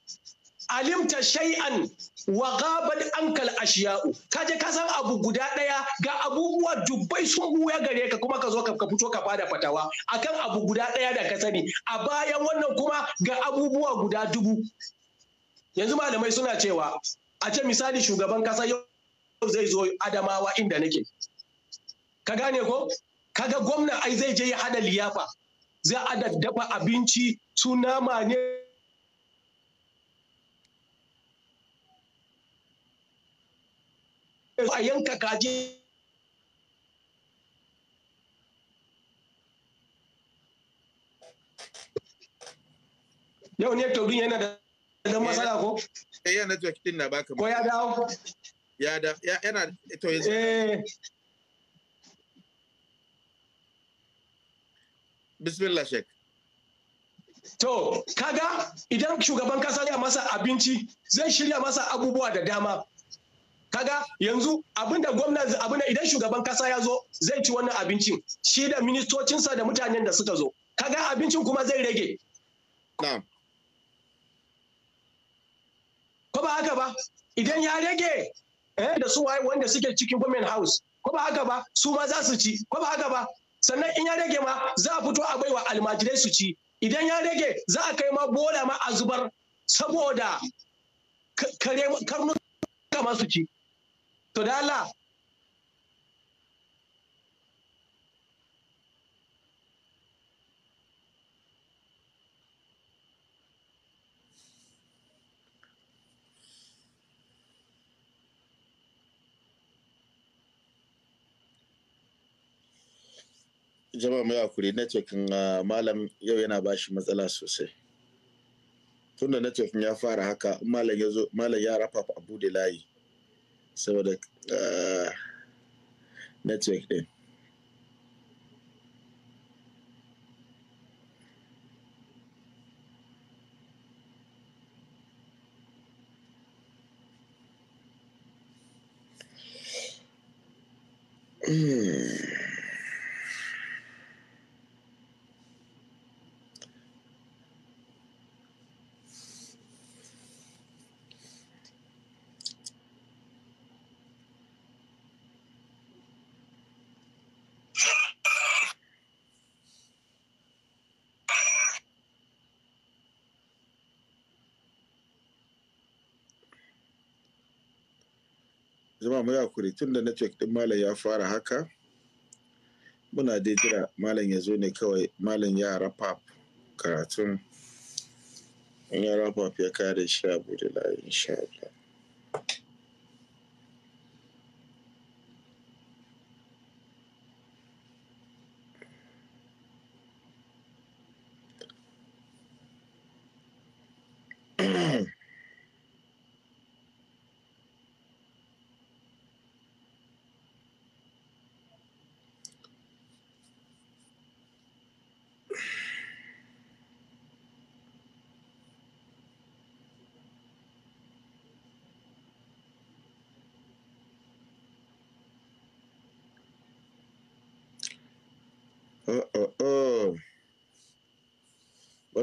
alimta shay'an wa ghabat ankal ashiya'u kaje ka san abu guda daya ga abubuwa dubbai sun buya gare ka kuma ka zo ka fito ka fada fatawa akan abu guda daya da ka sani a bayan wannan kuma ga abubuwa guda dubu yanzu malamai suna cewa a ce misali shugaban kasa yau zai zo adamawa inda nake ka gane ko kaga gwamna ai zai je ya hada liyafa zai adaddafa abinci su nama ne a yanka kaji yau ne yana da dan eh, matsala ko eh yana network din na baka ko ya dawo ya da yana to yanzu eh bismillah shek To, kaga idan shugaban kasa zai masa abinci zai shirya masa abubuwa da dama. Kaga yanzu abinda gwamnati abinda idan shugaban kasa ya zo zai ci wannan abincin shi da ministocinsa da mutanen da suka zo. Kaga abincin kuma zai rage. Na'am. ko ba haka ba idan ya rage eh, da su wanda suke cikin women house ko ba haka ba su ma za su ci ko ba haka ba sannan in ya rage ma za a fito a baiwa almajirai su ci idan ya rage za a kai ma bola ma a zubar saboda karnuka su ci to da Allah jama'a mai hakuri networkin ah, malam yau yana shi matsala sosai tun tunda networkin ya fara haka malam ya zo rafa a bude layi saboda ah, network din Mm. jama'a mu yakuri tun da network din malam ya fara haka muna dai jira malam ya zo ne kawai malam ya rafa karatun in ya rafa ya kare shi abu da layi insha Allah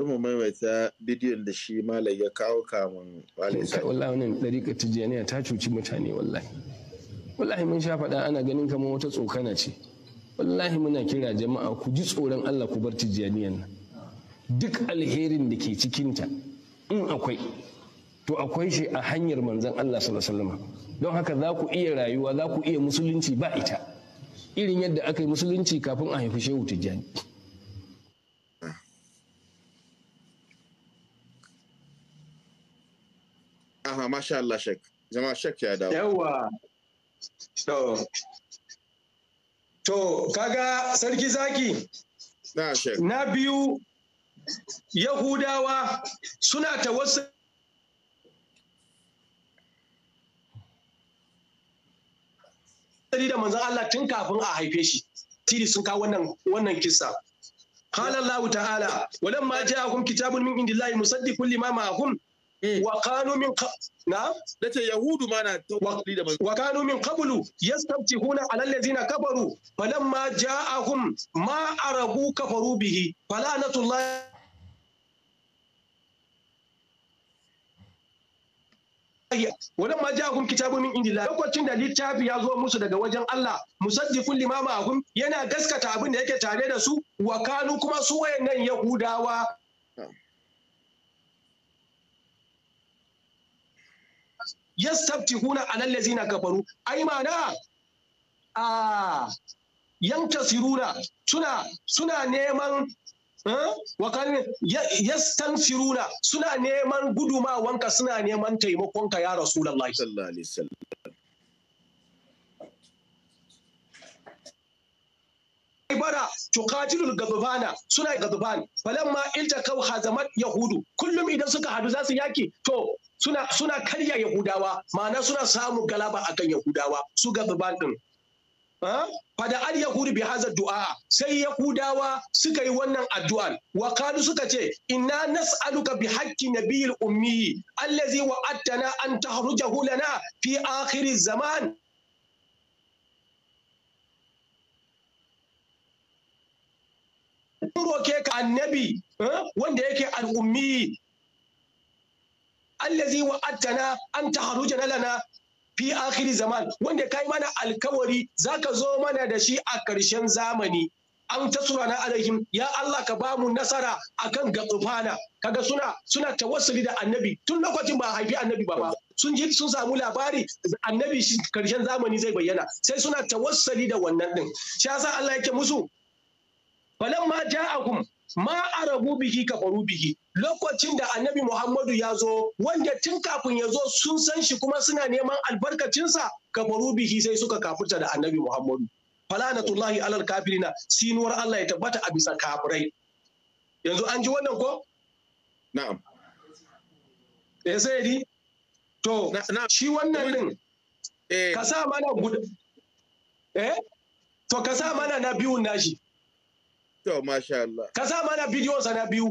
mu maimaita bidiyon da shi malai ya kawo kamun malai sai wallahi wannan dariƙa tijjaniya ta cuci mutane wallahi wallahi mun sha faɗa ana ganin kamar wata tsokana ce wallahi muna kira jama'a ku ji tsoron Allah ku bar tijjaniyan nan duk alherin da ke cikinta in akwai to akwai shi a hanyar manzon Allah sallallahu alaihi wasallam don haka za ku iya rayuwa za ku iya musulunci ba ita irin yadda aka yi musulunci kafin a haifi shehu tijjaniya. aha masha Allah shek jama'a shek ya dawo yawa to to kaga sarki zaki na shek na biyu yahudawa suna ta wasu da manzon Allah tun kafin a haife shi tiri sun kawo wannan wannan kissa قال الله تعالى ولما جاءهم كتاب من عند الله مصدق لما معهم وقالوا من قبل na nace يهود ما na وقالوا da قبل يستفتحون على الذين كفروا فلما جاءهم ما كفروا به ma الله ولما bihi كتاب من عند الله kitabun lokacin da littafi ya zo musu daga wajen Allah musaddiqun limama ahum yana gaskata abin da yake tare da su wa kanu kuma su wayannan yahudawa yastabtihuna alal ladzina kafaru ai mana a yankasiruna suna suna neman eh, wakan yastansiruna suna neman gudumawanka suna neman taimakonka ya rasulullahi sallallahu alaihi wasallam to tuqatilul gadbana suna gadban falamma iltaqaw hazamat yahudu kullum idan suka hadu za su yaki to suna suna karya yahudawa ma'ana suna samu galaba akan yahudawa su gadban din fada al yahudu bi hazar du'a sai yahudawa suka yi wannan addu'an wa qalu suka ce inna nas'aluka bi haqqi nabiyil ummi allazi wa'adtana an tahrujahu lana fi akhir zaman roke ka annabi eh, wanda yake al'ummi allazi wa'attana an na, lana fi akiri zaman wanda kai mana alkawari zaka zo mana da shi a karshen zamani an tasura na alaihim ya Allah ka ba mu nasara akan gatsufana kaga suna suna tawassuli da annabi tun lokacin ba haifi annabi ba sun ji sun samu labari annabi shi karshen zamani zai bayyana sai suna tawassuli da wannan din shi yasa Allah yake musu falamma ja'akum ma arabu bihi faru bihi lokacin da annabi muhammadu ya zo wanda tun kafin ya zo sun san shi kuma suna neman albarkacinsa ka faru bihi sai suka kafurta da annabi muhammadu falanatullahi alal kafirina sinuwar allah ya tabbata a bisa kafirai yanzu an ji wannan ko na'am eh sai di to shi wannan din eh. ka sa mana eh to ka sa mana na biyun nashi To masha Allah. Ka sa mana bidiyon sa na biyu.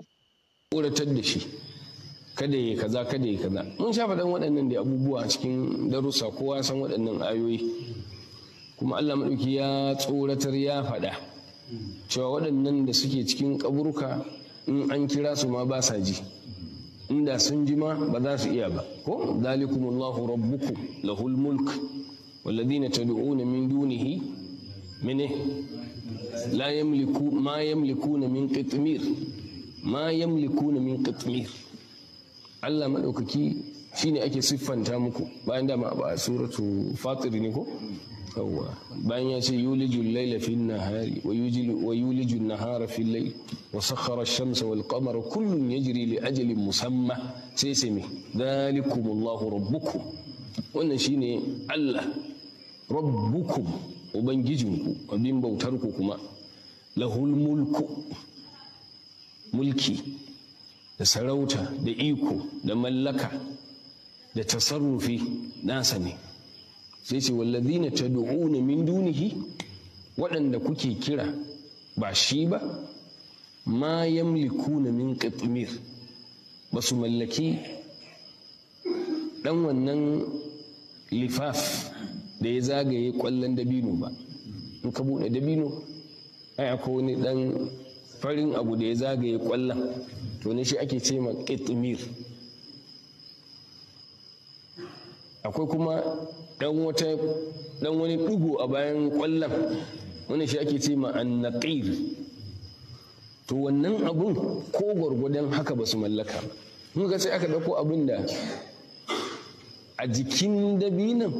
Wuratar da shi. Kada yi kaza kada yi kaza. Mun sha faɗan waɗannan da abubuwa a cikin darussa kowa san waɗannan ayoyi. Kuma Allah maɗauki ya tsoratar ya faɗa. Cewa waɗannan da suke cikin ƙaburka in an kira su ma ba sa ji. Inda sun ji ma ba za su iya ba. Ko zalikumullahu rabbukum lahul mulk. والذين تدعون من دونه mene la yamliku ma yamlikuna min qitmir ma yamlikuna min qitmir Allah madaukaki shine ake siffanta muku bayan da ma ba suratu fatir ne ko yawwa bayan ya ce yuliju al-laila fi an-nahari wa yuliju wa yuliju an-nahara fi al-layl wa sakhara ash-shamsa wal qamara kullun yajri li ajalin musamma sai sai me dhalikumullahu rabbukum wannan shine Allah rabbukum ubangijinku abin bautar ku kuma lahul mulku mulki da sarauta da iko da mallaka da tasarrufi nasa ne sai ce wallazina tad'una min dunihi waɗanda kuke kira ba shi ba ma yamlikuna min qitmir ba su mallaki ɗan wannan lifaf da ya zagaye kwallon dabino ba in ka bude dabino ai akwai wani dan farin abu da ya zagaye kwallon to ne shi ake ce ma akwai kuma dan wata dan wani ɗigo a bayan kwallon wani shi ake ce ma annaqir to wannan abun ko gwargwadon haka ba su mallaka ba ga sai aka dauko abin da a jikin dabinan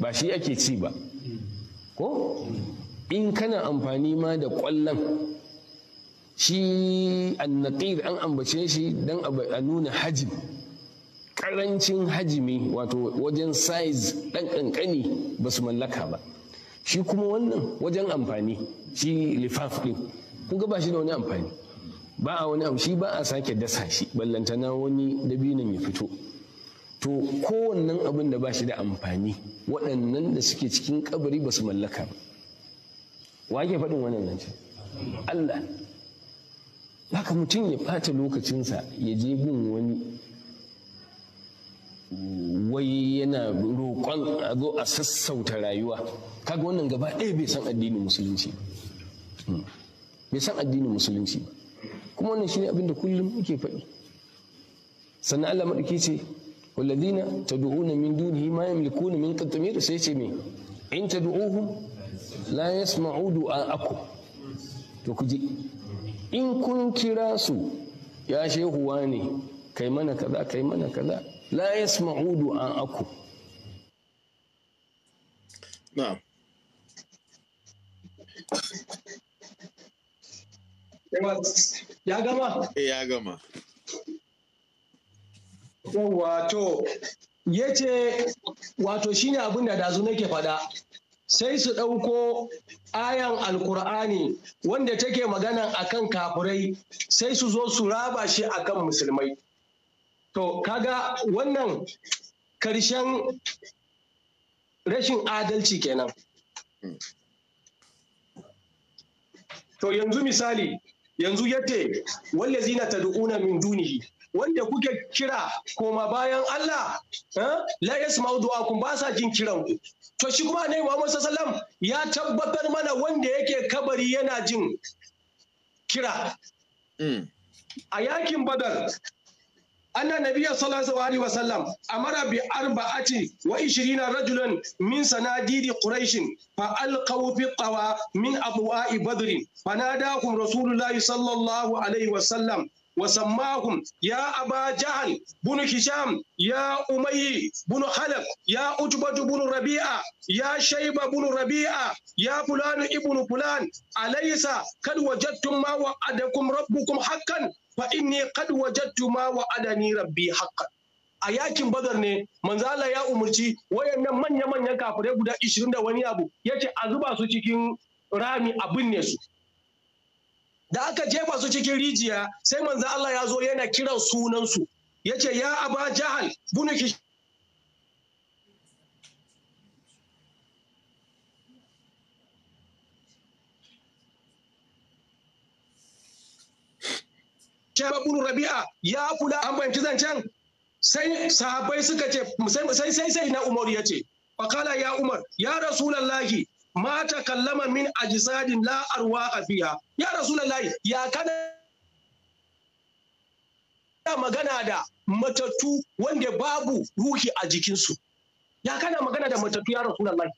ba shi ake ci ba ko in kana amfani ma da ƙwallon shi annaƙir an ambace shi don a nuna hajim ƙarancin hajimi wato wajen size ɗan ƙanƙani ba su mallaka ba shi kuma wannan wajen amfani shi lifaf ɗin kun ba shi da wani amfani ba a wani amshi ba a sake dasa shi ballantana wani dabinan ya fito to kowannan abin da ba shi da amfani waɗannan da suke cikin kabari ba su mallaka ba wa ke faɗin wannan nan ce? Allah haka mutum ya fata lokacinsa ya je bin wani wai yana roƙon a zo a sassauta rayuwa kaga wannan gaba ɗaya bai san addinin musulunci hmm. bai san addinin musulunci ba. kuma wannan shi abin da kullum muke faɗi sannan Allah maɗauki ce walladina tad'una min dunihi ma yamlikuna min qitmir sai ce me in tad'uhum la yasma'u du'aakum to ku ji in kun kira su ya shehuwa ne kai mana kaza kai mana kaza la Yawwa ya ce wato shine abin da dazu nake faɗa. sai su ɗauko ayan alkur'ani wanda take magana akan kafurai, sai su zo su raba shi akan musulmai to kaga wannan karshen rashin adalci kenan to yanzu misali yanzu yace wallazina tad'una min dunihi wanda kuke kira koma bayan Allah eh? la yasma'u du'akum ba sa jin kiran ku to shi kuma ne Muhammad sallallahu ya tabbatar mana wanda yake kabari yana jin kira hmm. a yakin badar anna nabiyya sallallahu alaihi wasallam amara bi arba'ati wa ishirina rajulan min sanadidi quraishin fa alqaw fi qawa min abwa'i badrin fanadahum rasulullahi sallallahu alaihi wasallam وسماهم يا أبا جهل بن هشام يا أمي بن خلف يا أجبة بن ربيعة يا شيبة بن ربيعة يا فلان ابن فلان أليس قد وجدتم ما وعدكم ربكم حقا فإني قد وجدت ما وعدني ربي حقا a yakin badar ne manzala ya umarci wayannan manya-manyan kafirai guda 20 da wani abu yace a zuba su cikin rami abin ne su da aka jefa su cikin rijiya sai manzo Allah ya zo yana kiran sunansu yace ya aba jahal buniki Bunu Rabi'a ya kula an bayanci zancen sai sahabbai suka ce sai sai sai na Umar ya ce fakala ya Umar ya Rasulullahi Mata kallama min ajsadin la arwaqa fiha ya rasulullahi ya kana ya magana da matattu wanda babu ruhi a jikinsu ya kana magana da matatu ya rasulullahi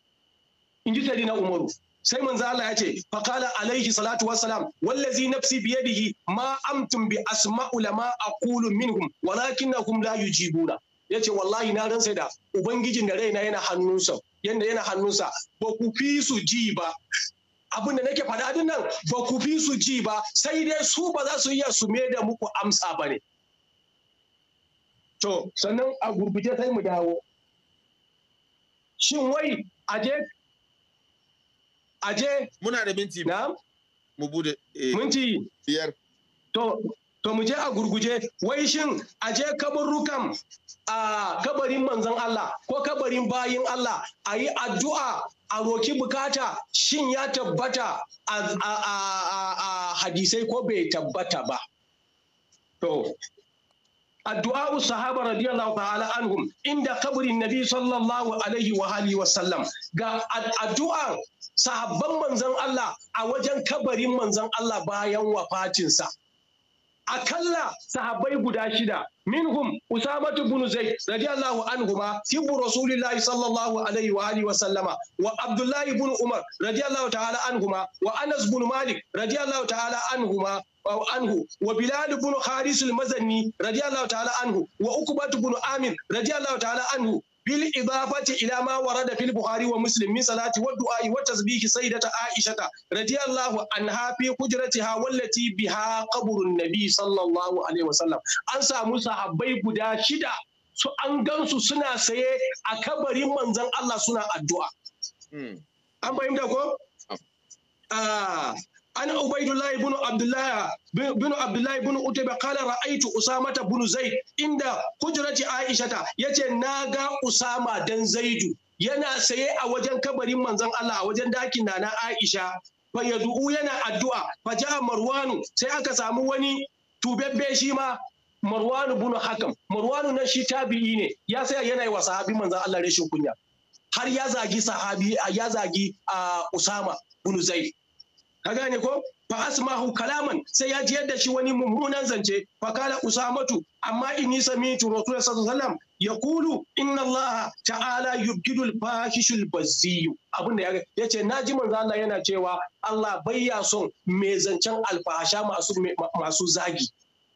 in ji na umaru sai manzo Allah ya ce qala alaihi salatu wassalam wallazi nafsi yadihi ma amtum bi asma ulama aqulu minhum walakinahum la yujibuna yace wallahi na ransa da ubangijin da raina yana hannunsa yadda yana hannunsa ba ku fi su ji ba abin da nake faɗa din nan ba ku fi su ji ba sai dai su ba za su iya su me da muku amsa ba ne to sannan a gurbuje sai mu dawo shin wai aje aje muna da minti na mu bude eh, minti biyar to mu je a gurguje wai shin a je kaburukan a kabarin manzon Allah ko kabarin bayin Allah a yi addu'a a roki bukata shin ya tabbata a hadisai ko bai tabbata ba to addu'a sahaba radiyallahu ta'ala anhum inda kabarin nabi sallallahu alaihi wa alihi wa sallam ga addu'a sahabban manzon Allah a wajen kabarin manzon Allah bayan wafatinsa akalla sahabbai guda shida minhum usamatu bin zaid radiyallahu anhu ma sibbu rasulillahi sallallahu alaihi wa alihi wa sallama wa abdullahi ibn umar radiyallahu ta'ala anhu ma. wa anas bin malik radiyallahu ta'ala anhuma anhu wa bilal ibn haris al-mazani radiyallahu ta'ala anhu wa ukbatu bin amir radiyallahu ta'ala anhu bil idafati ila ma warada fil buhari wa muslim min salati wa du'a'i wa tasbihi sayyidata aishata radiyallahu anhafi fi hujratiha wallati biha qabrun nabi sallallahu alaihi wasallam an samu sahabbai guda shida su an gansu suna saye a kabarin manzon Allah suna addu'a hmm. an fahimta ko Ana ubaidullahi bin abdullahi bin abdullahi bin utayba qala ra'aytu usamata bin zaid inda hujrati aishata yace ga usama dan zaidu yana saye a wajen kabarin manzon Allah a wajen dakin nana aisha fayadu'u yana addu'a faja'a marwanu sai aka samu wani tubebbe shi ma marwanu bin hakam marwanu nan shi tabi'i ne ya saya yana yi wa sahabi manzon Allah rashin kunya har ya zagi sahabi ya zagi usama bin zaid ka gane ko fa asmahu kalaman sai ya ji yadda shi wani mummunan zance fa kala usamatu amma inni samitu rasul sallallahu yaqulu inna allaha ta'ala al fahishul bazziyu ya da yace naji manzo Allah yana cewa Allah bayya son me zancen alfahasha masu masu zagi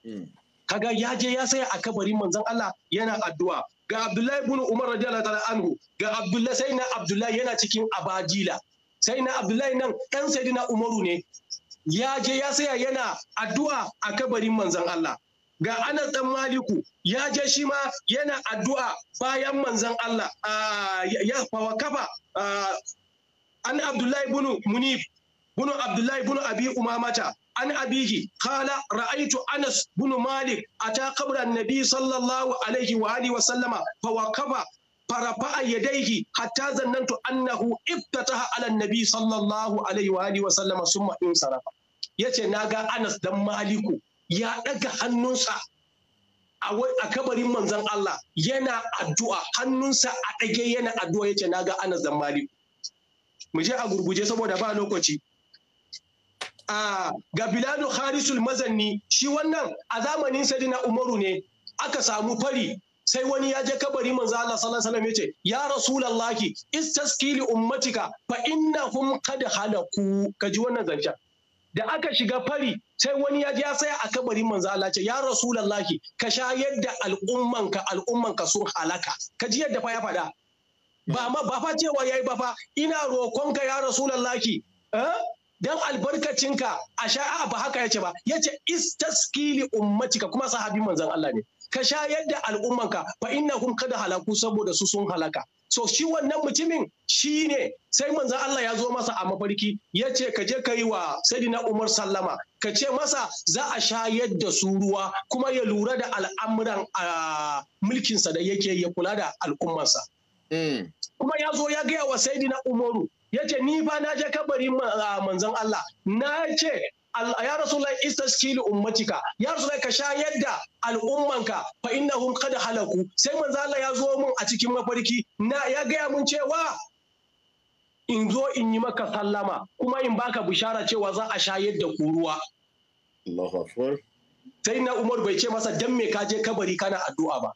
hmm. kaga ya je ya saya a kabarin manzon Allah yana addu'a ga Abdullahi ibn Umar radiyallahu ta'ala anhu ga Abdullahi sai na Abdullahi yana cikin abadila sai na abdullahi nan ɗan saidina umaru ne ya je ya saya yana addu'a a kabarin manzan Allah ga anas dan maliku ya je shi ma yana addu'a bayan manzan Allah ya kafa an abdullahi bunu munif bunu abdullahi bunu abi umamata an abihi kala ra'aitu anas bunu malik ata qabra nabi sallallahu alaihi wa alihi wa sallama kafa farafa'a yadaihi hatta zannantu annahu iftataha ala nabi sallallahu alaihi wa alihi wa sallama summa in sarafa na naga Anas dan Maliku ya ɗaga hannunsa a kabarin manzon Allah yana addu'a hannunsa a ɗage yana addu'a yace ga Anas dan Maliku mu je a gurguje saboda ba lokaci a ga Biladu Harisul Mazanni shi wannan a zamanin Sadina Umaru ne aka samu fari sai wani ya je kabari manzo Allah sallallahu alaihi wasallam yace ya rasulullahi istaskili ummatika fa innahum qad halaku kaji wannan zancen da aka shiga fari sai wani ya je ya tsaya a kabarin manzo Allah ce ya rasulullahi ka sha yadda al'ummanka al'ummanka sun halaka kaji yadda fa ya faɗa ba ma ba fa cewa yayi ba fa ina rokonka ya rasulullahi eh dan albarkacinka a a ba haka yace ba yace istaskili ummatika kuma sahabi manzon Allah ne ka shayar da al'ummanka fa inna hum kada halaku saboda su sun halaka so shi wannan mutumin shi ne sai manzan Allah ya zo masa a mafarki ya ce ka je ka yi wa sayyidina Umar sallama ka ce masa za a shayar da su ruwa kuma ya lura da al'amuran sa da yake ya kula da al'ummarsa hmm. kuma ya zo ya gaya wa sayyidina Umaru ya ce ni fa na je kabarin manzan Allah na ce ya rasulullah istaskil ummatika ya rasulullah ka sha yadda al'ummanka fa innahum qad halaku sai manzo Allah ya zo mun a cikin mafarki na ya gaya mun cewa in zo in yi maka sallama kuma in baka bishara cewa za a sha yadda kuruwa Allahu akbar sai na Umar bai ce masa dan me ka je kabari kana addu'a ba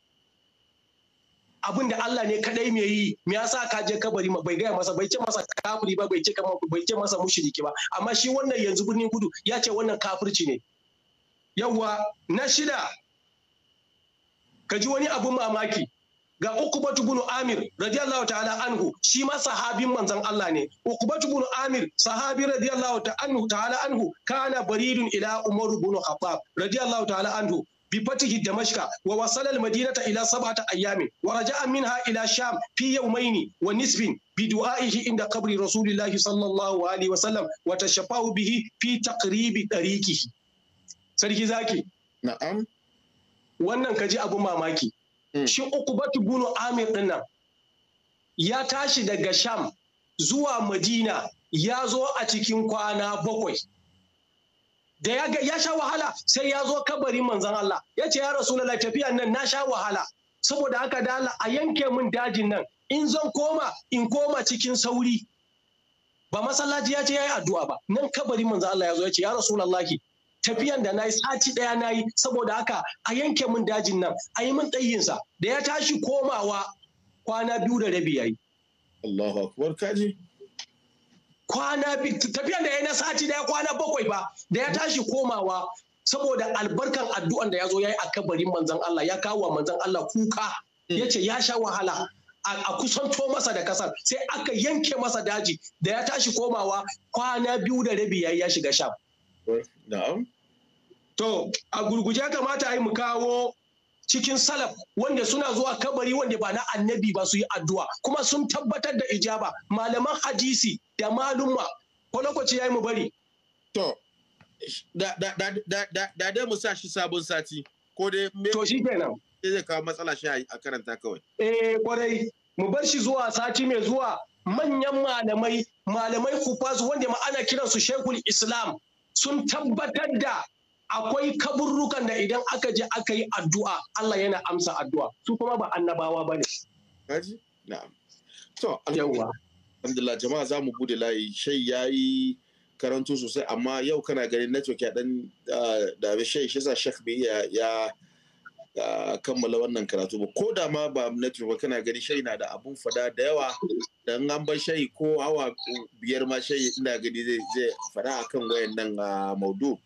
abin da Allah ne kadai me yi me yasa ka je kabari bai gaya masa bai ce masa kafiri ba bai ce bai ce masa mushriki ba amma shi wannan yanzu birnin gudu ya ce wannan kafirci ne yawwa na shida ka ji wani abin mamaki ga Ukubatu bin Amir radiyallahu ta'ala anhu shi ma sahabin manzon Allah ne Ukubatu bin Amir sahabi radiyallahu ta'ala anhu ta'ala anhu kana baridun ila Umar bin Khattab radiyallahu ta'ala anhu بفتح دمشق ووصل المدينة إلى سبعة أيام ورجع منها إلى شام في يومين ونصف بدعائه عند قبر رسول الله صلى الله عليه وسلم وتشفاه به في تقريب طريقه sarki زاكي نعم wannan kaji abu mamaki shi ukubatu bunu amir dinnan ya tashi daga sham zuwa madina ya zo a cikin kwana bakwai da ya ya sha wahala sai ya zo kabarin manzon Allah ya ce ya rasulullahi tafiya nan na sha wahala saboda haka da a yanke min dajin nan in zan koma in koma cikin sauri ba masallaci ya ce yayi addu'a ba nan kabarin manzon Allah ya zo ya ce ya rasulullahi tafiyan da nayi sati daya nayi saboda haka a yanke min dajin nan a yi min sa da ya tashi komawa kwana biyu da rabi yayi Allahu akbar kaji kwana tafiyan da ya na sati daya kwana bakwai ba da ya tashi komawa saboda albarkan addu'an da ya zo ya yi a kabarin manzan Allah ya kawo manzan Allah kuka mm. ya ce ya sha wahala a kusanto masa da kasar sai aka yanke masa daji da ya tashi komawa kwana biyu da rabi ya shiga sham. To a gurguje kamata a yi mu kawo cikin salaf wanda suna zuwa kabari wanda ba na annabi ba su yi addu'a kuma sun tabbatar da ijaba malaman hadisi da malumma ko lokaci yayi mu bari to da da da da da mu sa shi sabon sati ko dai to shi kenan sai zai kawo matsala shi a karanta kawai eh kwarai mu bar shi zuwa sati mai zuwa manyan malamai malamai kufasu wanda ma ana kiransu shekul islam sun tabbatar da akwai kaburrukan da idan aka je aka yi addu'a Allah yana amsa addu'a su kuma ba annabawa ba Kaji? Na'am. To, alhamdulillah jama'a za mu bude layi shay yayi yi sosai amma yau kana ganin network ya dan ah, da shay shi sa shek bi ya ah, kammala wannan karatu ba ko da ma ba network ba kana gani shay na da abun fada da yawa dan an bar shay ko awa biyar ma shay ina gani zai fada akan wayannan nan ah, maudu.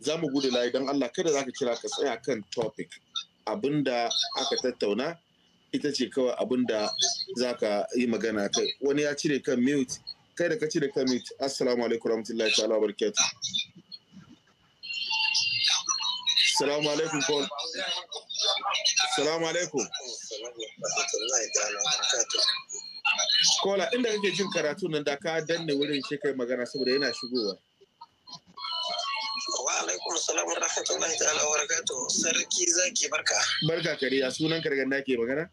za mu gudu layi don Allah kada za ka kira ka tsaya kan topic abinda aka tattauna ita ce kawai abinda za ka yi magana kai wani ya cire kan mute kai da ka cire kan mute assalamu alaikum warahmatullahi ta'ala wa barakatuh assalamu alaikum Paul. assalamu alaikum kola inda kake jin karatu nan da ka danne wurin shi kai magana saboda yana shigowa salam wa rahmatullahi ta'ala wa barakatuh sarki zaki barka barka kare ya sunan kargan da ke magana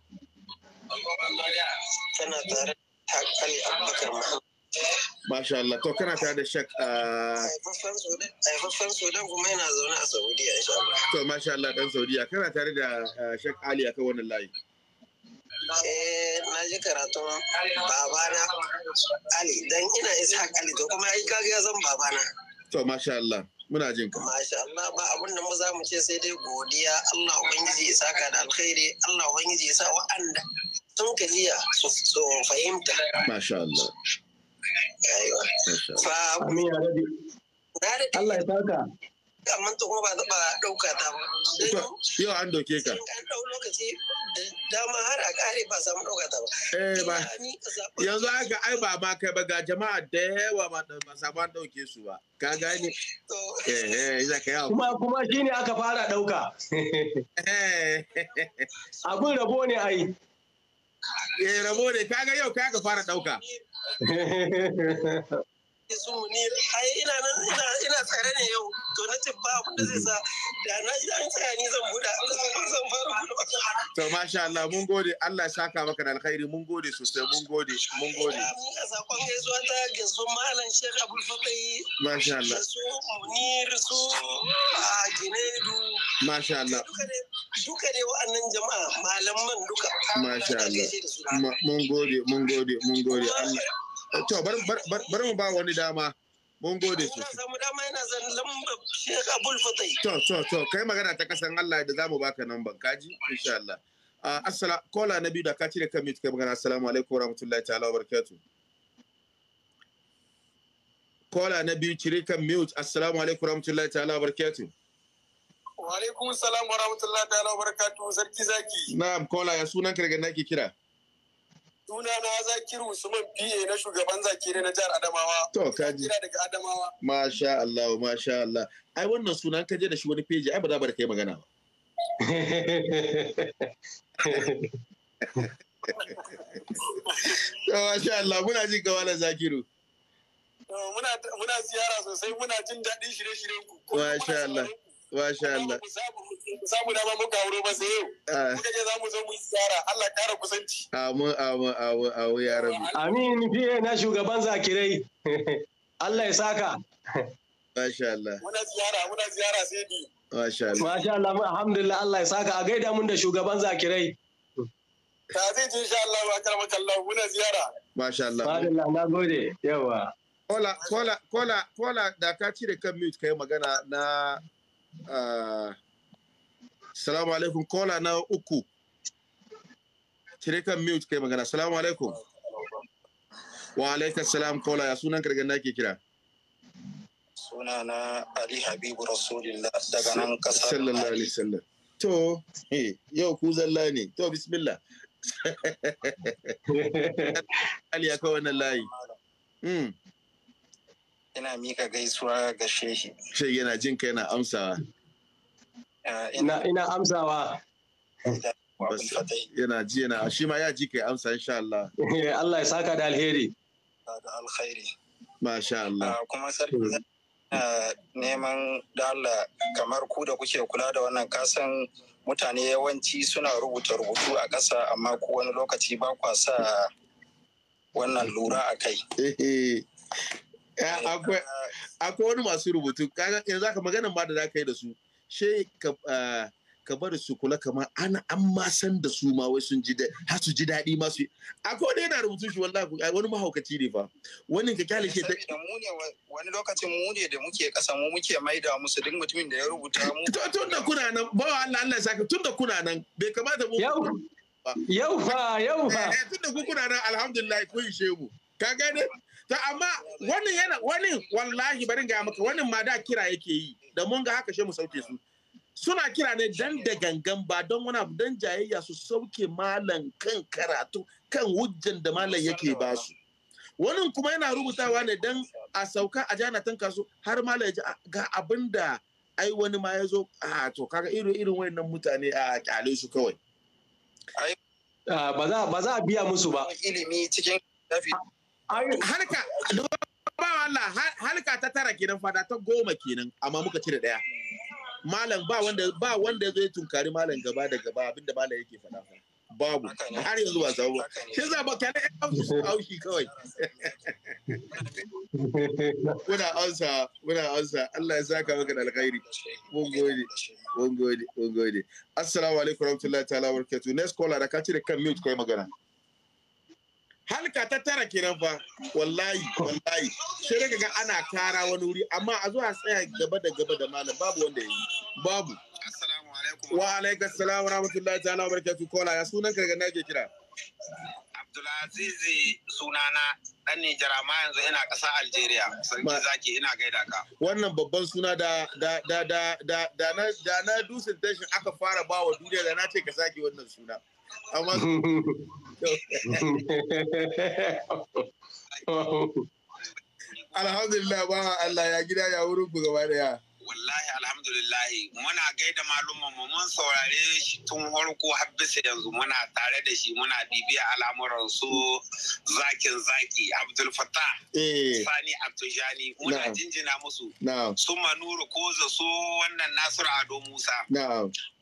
kana tare da Ali Abubakar Muhammad Masha Allah, to kana tare da shak uh, a... Haifaffen Sudan kuma yana zaune a Saudiya, insha Allah. To, Masha Allah, dan Saudiya, kana tare da uh, shak Ali a kan wannan layi. Eh, na ji karatun babana Ali, dan ina Ishaq Ali, to kuma ai kaga ya zan babana. To, Masha Allah. muna jin ka masha Allah ba abin da mu za mu ce sai dai godiya Allah ubangiji ya saka da alkhairi Allah ubangiji ya sa wa'anda sun jiya su fahimta masha Allah Allah ya saka amma to kuma ba ba ɗauka ta ba yau an doke ka an dau lokaci dama har a ƙare ba samu ɗauka ta ba eh ba yanzu haka ai ba ma kai ba ga jama'a da yawa ba samu an dauke su ba ka gane eh eh za ka yawo kuma kuma ne aka fara dauka eh abun rabo ne ai eh rabo ne kaga yau kai aka fara dauka isu ni ai ina ina ina tsare ne yau to na ce ba abin da zai sa da na tsaya ni zan buɗa zan fara buɗa to masha Allah mun gode Allah saka maka da alkhairi mun gode sosai mun gode mun gode mun sakon ta malam Sheikh Abdul Fatai masha Allah su Munir su a Ginedu masha Allah duka ne wa'annan jama'a malaman duka masha Allah mun gode mun gode mun gode Allah To bar mu ba wani dama. Mun gode su. Ina samu dama yana zan lamba Sheikh Abul Fatai. To to to kai magana ta kasan Allah da zamu baka nan ban kaji insha Allah. Ah, assalamu kola na biyu da ka cire kan mute kai magana assalamu alaikum wa rahmatullahi ta'ala wa barakatuh. Kola na biyu cire kan mute assalamu alaikum wa rahmatullahi ta'ala wa barakatuh. Wa alaikum salam wa rahmatullahi ta'ala wa barakatuh sarki zaki. Na'am kola ya sunan ka daga nake kira. sunana Zakir Usman PA na shugaban ne na jihar Adamawa. To kaji. Kira daga Adamawa. Masha Allah, masha Allah. Ai wannan sunan ka je da shi wani page ai ba za ba da kai magana ba. To masha Allah muna jin gawa da Zakiru. Muna ziyara sosai muna jin daɗin shirye-shiryen ku. Masha Allah. Masha Allah. Samu dama muka wuro ba sai yau. Ah. Muka ce za mu zo mu yi ziyara. Allah kara kusanci. Amin amin amin amin ya rabu. Amin fiye na shugaban zakirai. Allah ya saka. Masha Allah. Muna ziyara muna ziyara sai bi. Masha Allah. Masha Allah alhamdulillah Allah ya saka a gaida mun da shugaban zakirai. Ta zai ji insha Allah wa karama kallahu muna ziyara. Masha Allah. Masha Allah na gode yawa. Kola kola kola kola da ka cire kan mute kai magana na Ah, salamu alaikum kola na uku. Cire kan mute kai magana. Salamu alaikum. Wa alaikar salam kola ya sunan kargan ke kira. Suna na Ali Habibu Rasulillah daga nan kasar Sallallahu alaihi sallam. To, yau ku zalla ne. To, bismillah. Ali ya kawo wannan layi. Hmm. ina mika gaisuwa ga shehi shehi yana jin ka yana amsawa ah, ina amsawa yana ji yana shi ma ya ji kai amsa insha Allah eh, Allah ya saka da alheri da alkhairi masha Allah ah, kuma sarki hmm. neman da Allah kamar ku da kuke kula da wannan kasan mutane yawanci suna rubuta rubutu a ƙasa amma ko wani lokaci ba kwa sa wannan lura a kai eh, eh. Eh, akwai wani masu rubutu yanzu aka magana ma da za ka yi da su she ka eh, bar su kula kamar ana an ma san da su ma wai sun ji ha su ji daɗi ma su akwai wani yana rubutu shi wallahi wani mahaukaci ne fa wani ka kyale shi wani lokacin mu ne da muke kasa mu muke maida musu duk mutumin da ya rubuta mu tun da kuna nan ba Allah Allah saka tun da kuna nan bai kamata mu yau fa yau fa eh, tun da kuna nan alhamdulillah kun ishe ka gane ta amma wani yana wani wallahi barin ga maka wani ma da kira yake yi da mun ga haka she mu sauke su. Suna kira ne dan da gangan ba don wani abu dan jayayya su sauke malam kan karatu kan hujjan da malam yake ba su. Wani kuma yana rubutawa ne dan a sauka a jana tan kasu, har malam ya ah, ga abinda da ai wani ma ya zo a to kaga irin irin wayannan mutane a kyale su kawai. Ah, ba za a biya musu ba. Ilimi cikin halika ba Allah ta tara kenan fada ta goma kenan amma muka cire daya malam ba wanda ba wanda zai tunkari malam gaba da gaba abinda malam yake faɗa fa babu har yanzu ba zawo shi za ba kana kawo shi kawai muna ansa muna ansa Allah ya saka maka da alkhairi mun gode mun gode mun gode assalamu alaikum warahmatullahi ta'ala barakatuh next caller da ka cire kan mute kai magana halka ta tara kenan fa wallahi wallahi sai daga ga ana kara wani wuri amma a zuwa tsaya gaba da gaba da malam babu wanda ya yi babu assalamu alaikum wa alaikum assalam wa rahmatullahi ta'ala wa barakatuhu kola ya sunan ka daga ke kira Abdulaziz sunana dan Nijar amma yanzu ina ƙasa Algeria sarki zaki ina gaida ka wannan babban suna da da da da da na da na dusin tashin aka fara bawa duniya da na ce ka saki wannan suna amma Alhamdulillah ba Allah ya gida ya wurin gaba daya. wallahi alhamdulillahi muna gaida malumman mu mun saurare shi tun harko har bisa yanzu muna tare da shi muna bibiya al'amuran su zakin zaki abdul fattah eh. sani abtujani muna jinjina musu su manuru ko za su wannan nasiru ado musa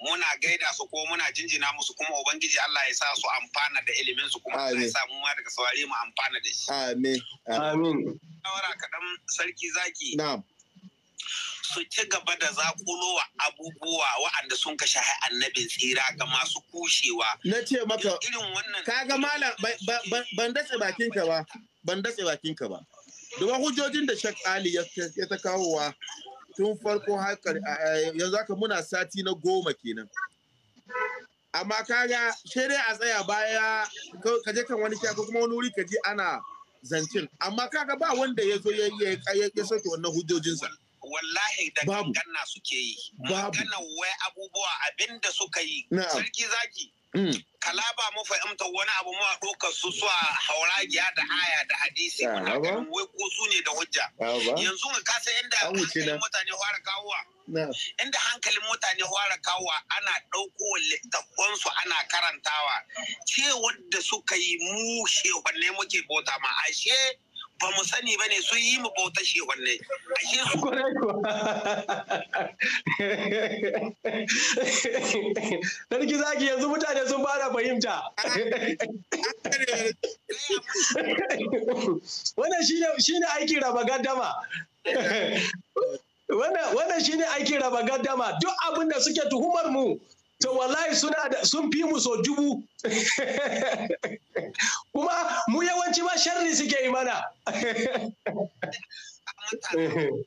muna gaida su ko muna jinjina musu kuma ubangiji allah ya sa su amfana da ilimin su kuma ya sa mu ma daga saurare mu amfana da shi amin amin kaɗan sarki zaki su ci gaba da zakulowa abubuwa waɗanda sun kashe annabin tsira ga masu kushewa. Na ce maka ka ga kaga malam ban datse bakinka ba ban datse bakinka ba. Domin hujjojin da Shek Ali ya ta kawowa tun farko haƙar yanzu haka muna sati na goma kenan. Amma kaga shirya a tsaya baya ka kan wani ko kuma wani wuri ka ana zancin amma kaga ba wanda ya zo ya soke wannan hujjojinsa. wallahi da ganna suke yi ganna wai abubuwa abinda suka yi sarki zaki mm. kalaba mu fahimta wani abu ma ɗaukar su su a giya da aya da hadisi wai ko su ne da hujja yanzu ka kasa inda hankalin mutane fara kawowa inda hankalin mutane fara kawowa ana ɗauko littafan su ana karantawa cewar da suka yi mu shewanne muke bota ma ashe ba mu sani ba ne sun yi mu bauta shehun ne ashe su sarki zaki yanzu mutane sun fara fahimta wannan shine aikin raba gaddama wannan shine aikin raba gaddama duk abin da suke tuhumar mu to wallahi suna da sun fi mu so dubu kuma mu yawanci ma sharri suke yi mana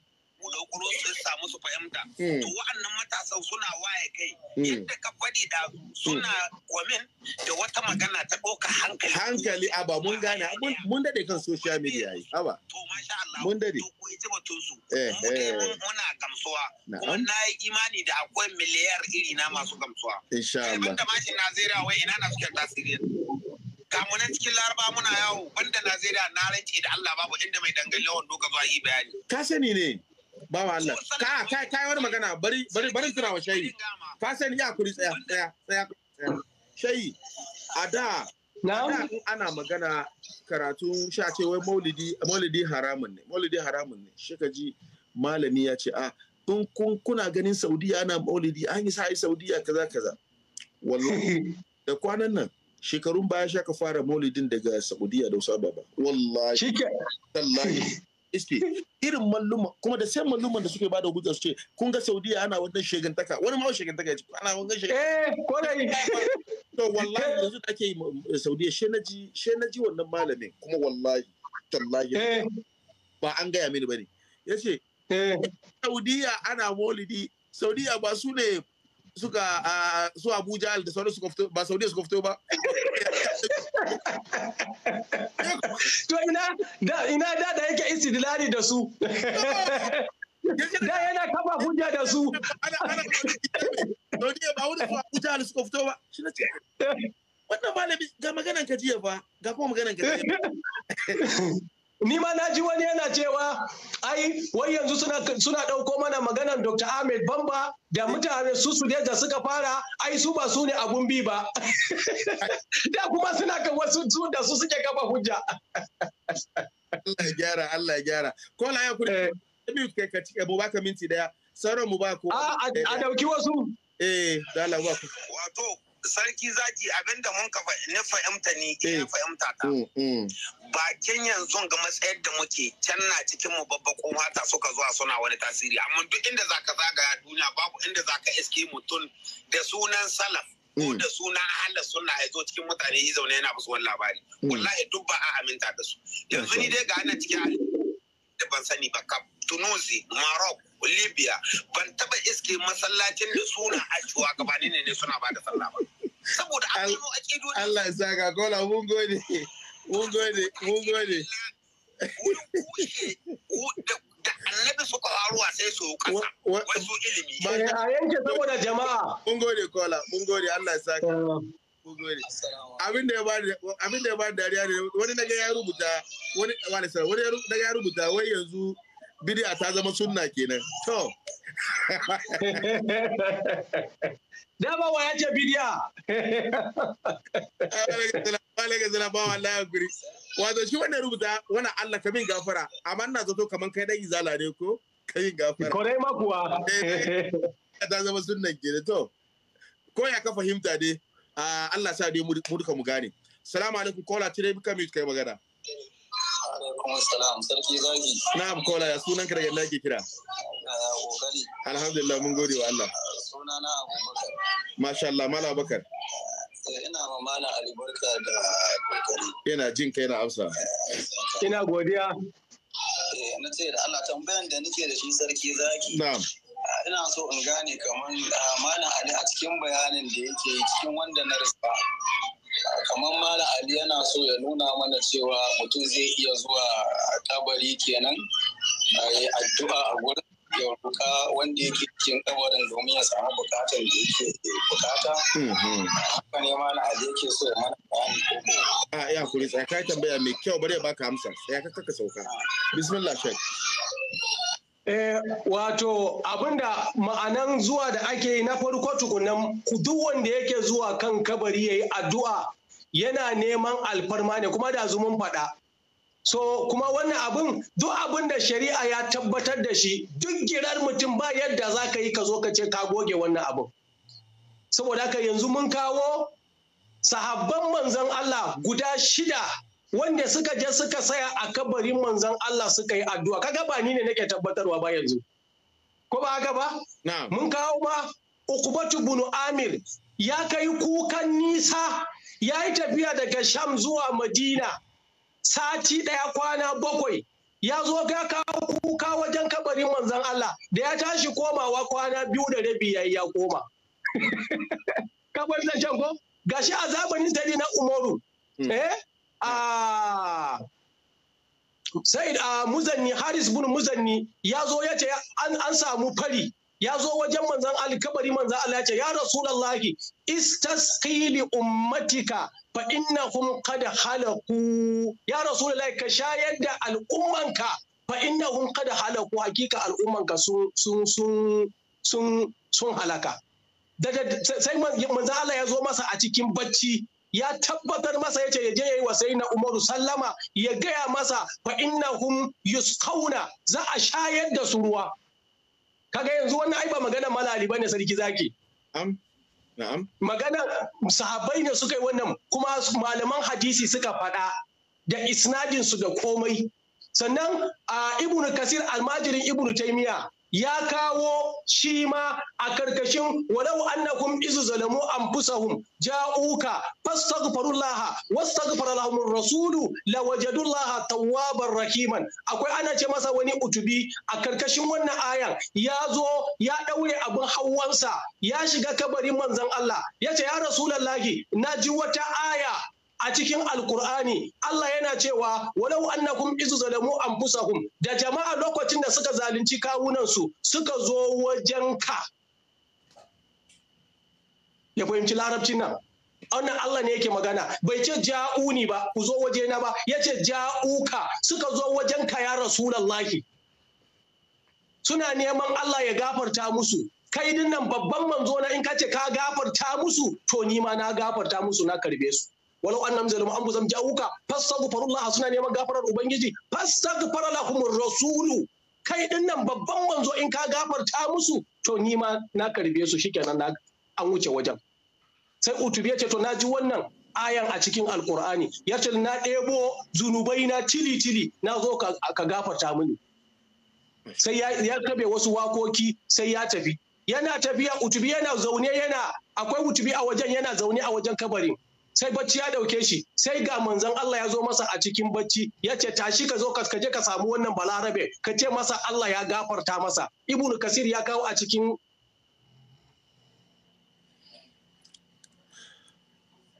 bulaguro sun samu su fahimta eh. to wa'annan matasan suna waye kai eh. yadda ka faɗi da suna komin da wata magana ta ɗauka hankali hankali a ba mun gane mun dade kan social eh. media yi haba to masha Allah mun dade to kuwa ita batun su muna gamsuwa kuma na yi imani da akwai miliyar iri na masu gamsuwa insha Allah da mashin Najeriya wai ina na suke tasiri kamunan cikin laraba muna yawo banda Najeriya na rance da Allah babu inda mai dangane wando ka zuwa yi bayani. Ka sani ne. ba wa Allah ka ka kai wani magana bari bari bari tuna wa shayi ka sani ya kuri tsaya tsaya tsaya shayi a da ana magana karatun sha ce wai maulidi maulidi haramun ne maulidi haramun ne shi ka ji malami ya ce a kun kun kuna ganin Saudiya ana maulidi an yi sai Saudiya kaza kaza wallahi da kwanan nan shekarun baya sha ka fara maulidin daga Saudiya da wasu ababa wallahi shike wallahi iske irin malluma kuma da sai malluman da suke bada hujja su ce kun ga Saudiya ana wannan shegantaka wani ma shegantaka ce ana wannan shegantaka eh kwarai to wallahi yanzu da ake Saudiya she naji wannan malamin kuma wallahi tallahi eh. ba an gaya mini bane yace eh. Saudiya ana maulidi Saudiya ba su ne suka ah, su Abuja da sauran suka ba Saudiya suka fito ba To ina da ina da da yake istidlali da su. Da yana kafa hujja da su. Ana ana ne ba wani su hujja da su ko fito ba. Shi ce. Wannan malami ga maganan ka jiya fa, ga kuma maganan ka jiya. ni ma na ji wani yana cewa ai wai yanzu suna suna dauko mana maganar Dr. Ahmed Bamba da mutane su su da suka fara ai su ba su ne abun bi ba da kuma suna kan wasu su da su suke kafa hujja Allah ya gyara Allah ya gyara ko la ya kuri eh. bi kai ka cike mu baka minti daya sauran mu ba ko a dauki wasu eh da Allah ba ku wato sarki zaki abinda mun ka ne fahimta ni ke eh. fahimta ta mm, mm. bakin yanzu ga matsayar da muke can na cikin mu babba mata suka zuwa suna wani tasiri amma duk inda zaka zagaya duniya babu inda zaka iske mutum da sunan salaf ko mm. da sunan ahalar sunna ya zo cikin mutane yi zaune yana basu wani labari wallahi duk ba a aminta da su yanzu ni dai ga nan cikin da ban sani ba kam tunuzi maroc libya ban taba iske masallacin da suna a gabanin ne suna ba da sallah ba saboda kano gano akidu Allah ya saka kola mun gode mun gode mun gode da annabi suka faruwa sai su kasa wasu ilimi ba eh, a yanke saboda jama'a mun gode kola mun gode Allah ya saka eh. dole abin da ya ba da dariya ne wani daga ya rubuta wani wani sai wani daga ya rubuta wai yanzu bid'a ta zama sunna kenan to dama wa ya ce bidiya alaika zala ba wallahi hakuri wato shi wannan rubuta wannan Allah ka min gafara amma ina zato kaman kai dan izala ne ko kamin gafara ko dai makuwa eh, eh, eh. ta zama sunnan kenan to ko ya ka fahimta dai Ah, Allah sa dai mu duka mu gane salamu alaikum kola tire bi kamit kai magana alaikum salam sarki zagi na'am kola ya sunan ka daga nake kira alhamdulillah mun gode wa Allah sunana abubakar masha Allah mala abubakar eh, ina ma mala albarka da kokari ina jin kai na amsa ina godiya eh, na ce da Allah tambayan da nake da shi sarki zaki na'am ina so in gane kamar ah, malam ali a cikin bayanin da yake cikin wanda na rasa kamar malam ali yana so ya nuna mana cewa mutum zai iya zuwa kabari kenan yi addu'a a gurin ya wanda yake cikin kabarin domin ya samu bukatar da yake bukata mhm. haka ne malam ali yake so ya mana bayani ko a ah, ya kuri tsaya kai tambaya mai kyau bari ya baka amsa tsaya ka kaka sauka ah. bismillah shek Eh, wato abinda ma'anan zuwa da ake yi na farko tukunan duk wanda yake zuwa kan kabari ya yi addu'a yana neman alfarma ne kuma da zumun faɗa. So kuma wannan abin duk abin da shari'a ya tabbatar da shi duk girar mutum ba yadda za ka yi ka zo ka ce ka goge wannan abin. Saboda haka yanzu mun kawo sahabban manzan Allah guda shida wanda suka je suka saya a kabarin manzon Allah suka yi addu'a kaga ba ni ne nake tabbatarwa ba yanzu ko ba haka ba mun kawo ma ukubatu bunu amir ya kai kukan nisa ya yi tafiya daga sham zuwa madina sati ɗaya kwana bakwai ya zo ga kawo kuka wajen kabarin manzon Allah da ya tashi komawa kwana biyu da rabi yayi ya koma kabarin sham ko gashi a zamanin na umaru hmm. eh a ah. sai a ah, muzanni haris bin muzanni ya zo ya ce an samu fari ya zo wajen manzan alkabari manzan Allah ya ce ya rasulallahi istasqili ummatika fa innahum qad halaku ya Rasulallahi ka shayar da al'ummanka fa innahum qad halaku hakika al'ummanka sun sun sun sun sun halaka sai manzan Allah ya zo masa a cikin bacci ya tabbatar masa ya ce ya je ya yi wa na Umaru sallama ya gaya masa fa innahum yusqauna za a shayar da su ruwa kaga yanzu wannan ai ba magana malali bane sarki zaki am na'am magana sahabbai ne suka yi wannan kuma malaman hadisi suka faɗa da isnadin su da komai sannan a ibnu kasir almajirin ibnu taymiya ya kawo shi ma a karkashin walau annakum izu zalamu anfusahum ja'uka fastaghfirullaha wastaghfara lahum rasulu lawajadullaha Tawabar rahiman akwai ana ce masa wani utubi a karkashin wannan ayan ya zo ya ɗaure abin hawansa ya shiga kabarin manzon Allah ya ce ya rasulullahi na ji wata aya a cikin alkur'ani Allah yana cewa walau annakum izu zalamu anfusahum da jama'a lokacin da suka zalunci kawunansu suka zo wajen ka ya fahimci larabcin nan wannan Allah ne yake magana bai ce ja'uni ba ku zo waje na ba ce ja'uka suka zo wajen ka ya rasulullahi suna neman Allah ya gafarta musu kai dinnan babban manzo na in ka ce ka gafarta musu to ni ma na gafarta musu na karbe su walau annam ambu zam ja'uka fastaghfirullah suna neman gafarar ubangiji fastaghfara lahumur rasulu kai dinnan babban manzo in ka gafarta musu to ni ma na karbe su shikenan na an wuce wajen sai utubi ce to naji wannan ayan a cikin alkur'ani ya ce na ɗebo zunubai na cili cili na zo ka gafarta mini sai ya kabe wasu wakoki sai ya tafi yana tafiya utubi yana zaune yana akwai utubi a wajen yana zaune a wajen kabarin sai bacci ya dauke shi sai ga manzon Allah ya zo masa a cikin bacci ya ce tashi ka zo ka je ka samu wannan balarabe ka ce masa Allah ya gafarta masa ibnu kasir ya kawo a cikin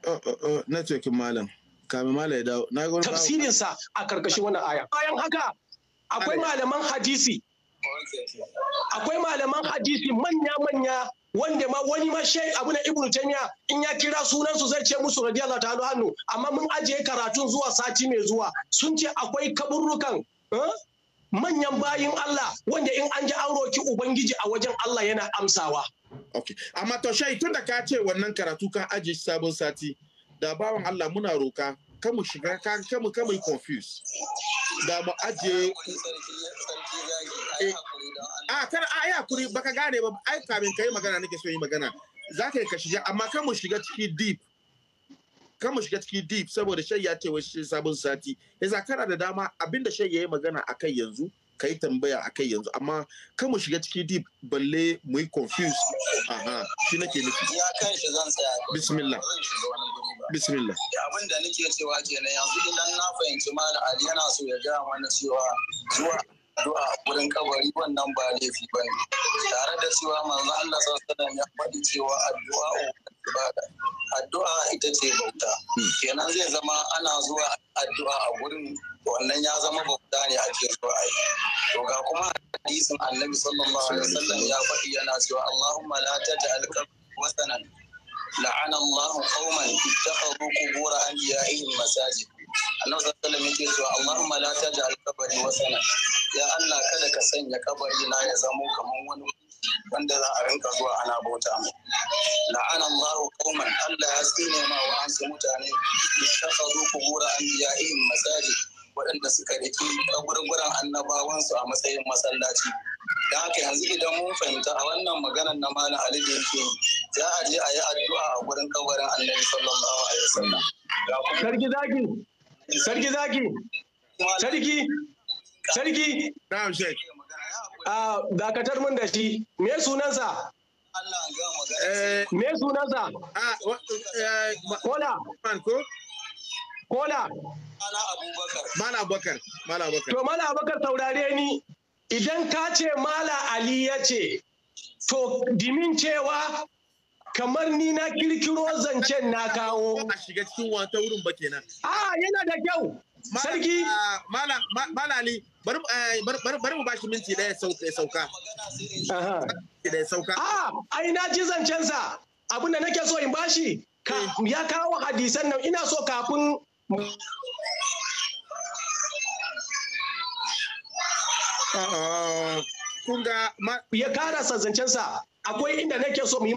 uh, uh, uh, na cikin malam kame malam ya dawo na gwamnati tafsirin sa a karkashin wannan aya bayan haka akwai malaman hadisi akwai malaman hadisi manya manya wanda ma wani ma shek abu na ibnu taymiya in ya kira sunan su zai ce musu radiyallahu ta'ala hannu amma mun ajiye karatun zuwa sati mai zuwa sun ce akwai kaburrukan eh, manyan bayin Allah wanda in an ji an roki ubangiji a wajen Allah yana amsawa okay amma to shai tun da ka ce wannan karatu kan ajiye sabon sati da bawan Allah muna roka kan mu shiga kan kan confuse da mu ajiye eh, a kar a ya kuri baka gane ba ai kamin kai magana nake so yi magana za ka yi ka shiga amma kan mu shiga ciki deep kan mu shiga ciki deep saboda shai ya ce wai sabon sati yasa kana da dama abinda shai ya yi magana akai yanzu ka yi tambaya a kai yanzu amma kan mu shiga ciki deep balle mu yi confuse aha shi nake nufi ya kai shi zan tsaya bismillah bismillah abin da nake cewa kenan yanzu idan na fahimci malam ali yana so ya ga mana cewa zuwa addu'a a gurin kabari wannan ba laifi ba ne tare da cewa manzo Allah sallallahu ya faɗi cewa addu'a ibada addu'a ita ce bauta kenan zai zama ana zuwa addu'a a wurin wannan ya zama bauta ne ake zuwa a yi to ga kuma hadisin annabi sallallahu alaihi wasallam ya faɗi yana cewa Allahumma la taj'al qabri wasanan la'ana Allah qauman ittakhadhu qubur anbiya'ihim masajid annabi sallallahu alaihi yake cewa Allahumma la taj'al qabri wasana ya Allah kada ka sanya kabari na ya zamo kaman wani wanda za a rinka zuwa ana bauta mu la'ana Allahu qauman Allah ya tsine ma wa an su mutane ittakhadhu qubur anbiya'ihim masajid waɗanda suka riki gurguren annabawansu a matsayin masallaci da haka yanzu idan mun fahimta a wannan maganar na malam ali da yake za a je a yi addu'a a gurin kabarin annabi sallallahu alaihi wasallam sarki zaki Sarki zaki. Sarki. Sarki. Na'am dakatar mun da shi. Me sunansa? Eh, Me sunansa? Eh, Kola. Kola. Mala Abubakar. Mala Abubakar. To Mala Abubakar saurare ni. Idan ka ce Mala Ali ya ce, to dimin cewa kamar ni na kirkiro zancen na kawo. A shiga cikin wata wurin ba kenan. A yana da kyau. Sarki. Ah, Malali, eh, bari mu bashi minti ɗaya sauka. sauka. A, ai na ji zancensa. Abin da nake so in bashi. Eh. Ya kawo hadisan nan ina so kafin ah, ah, ya karasa zancensa akwai inda nake so mu yi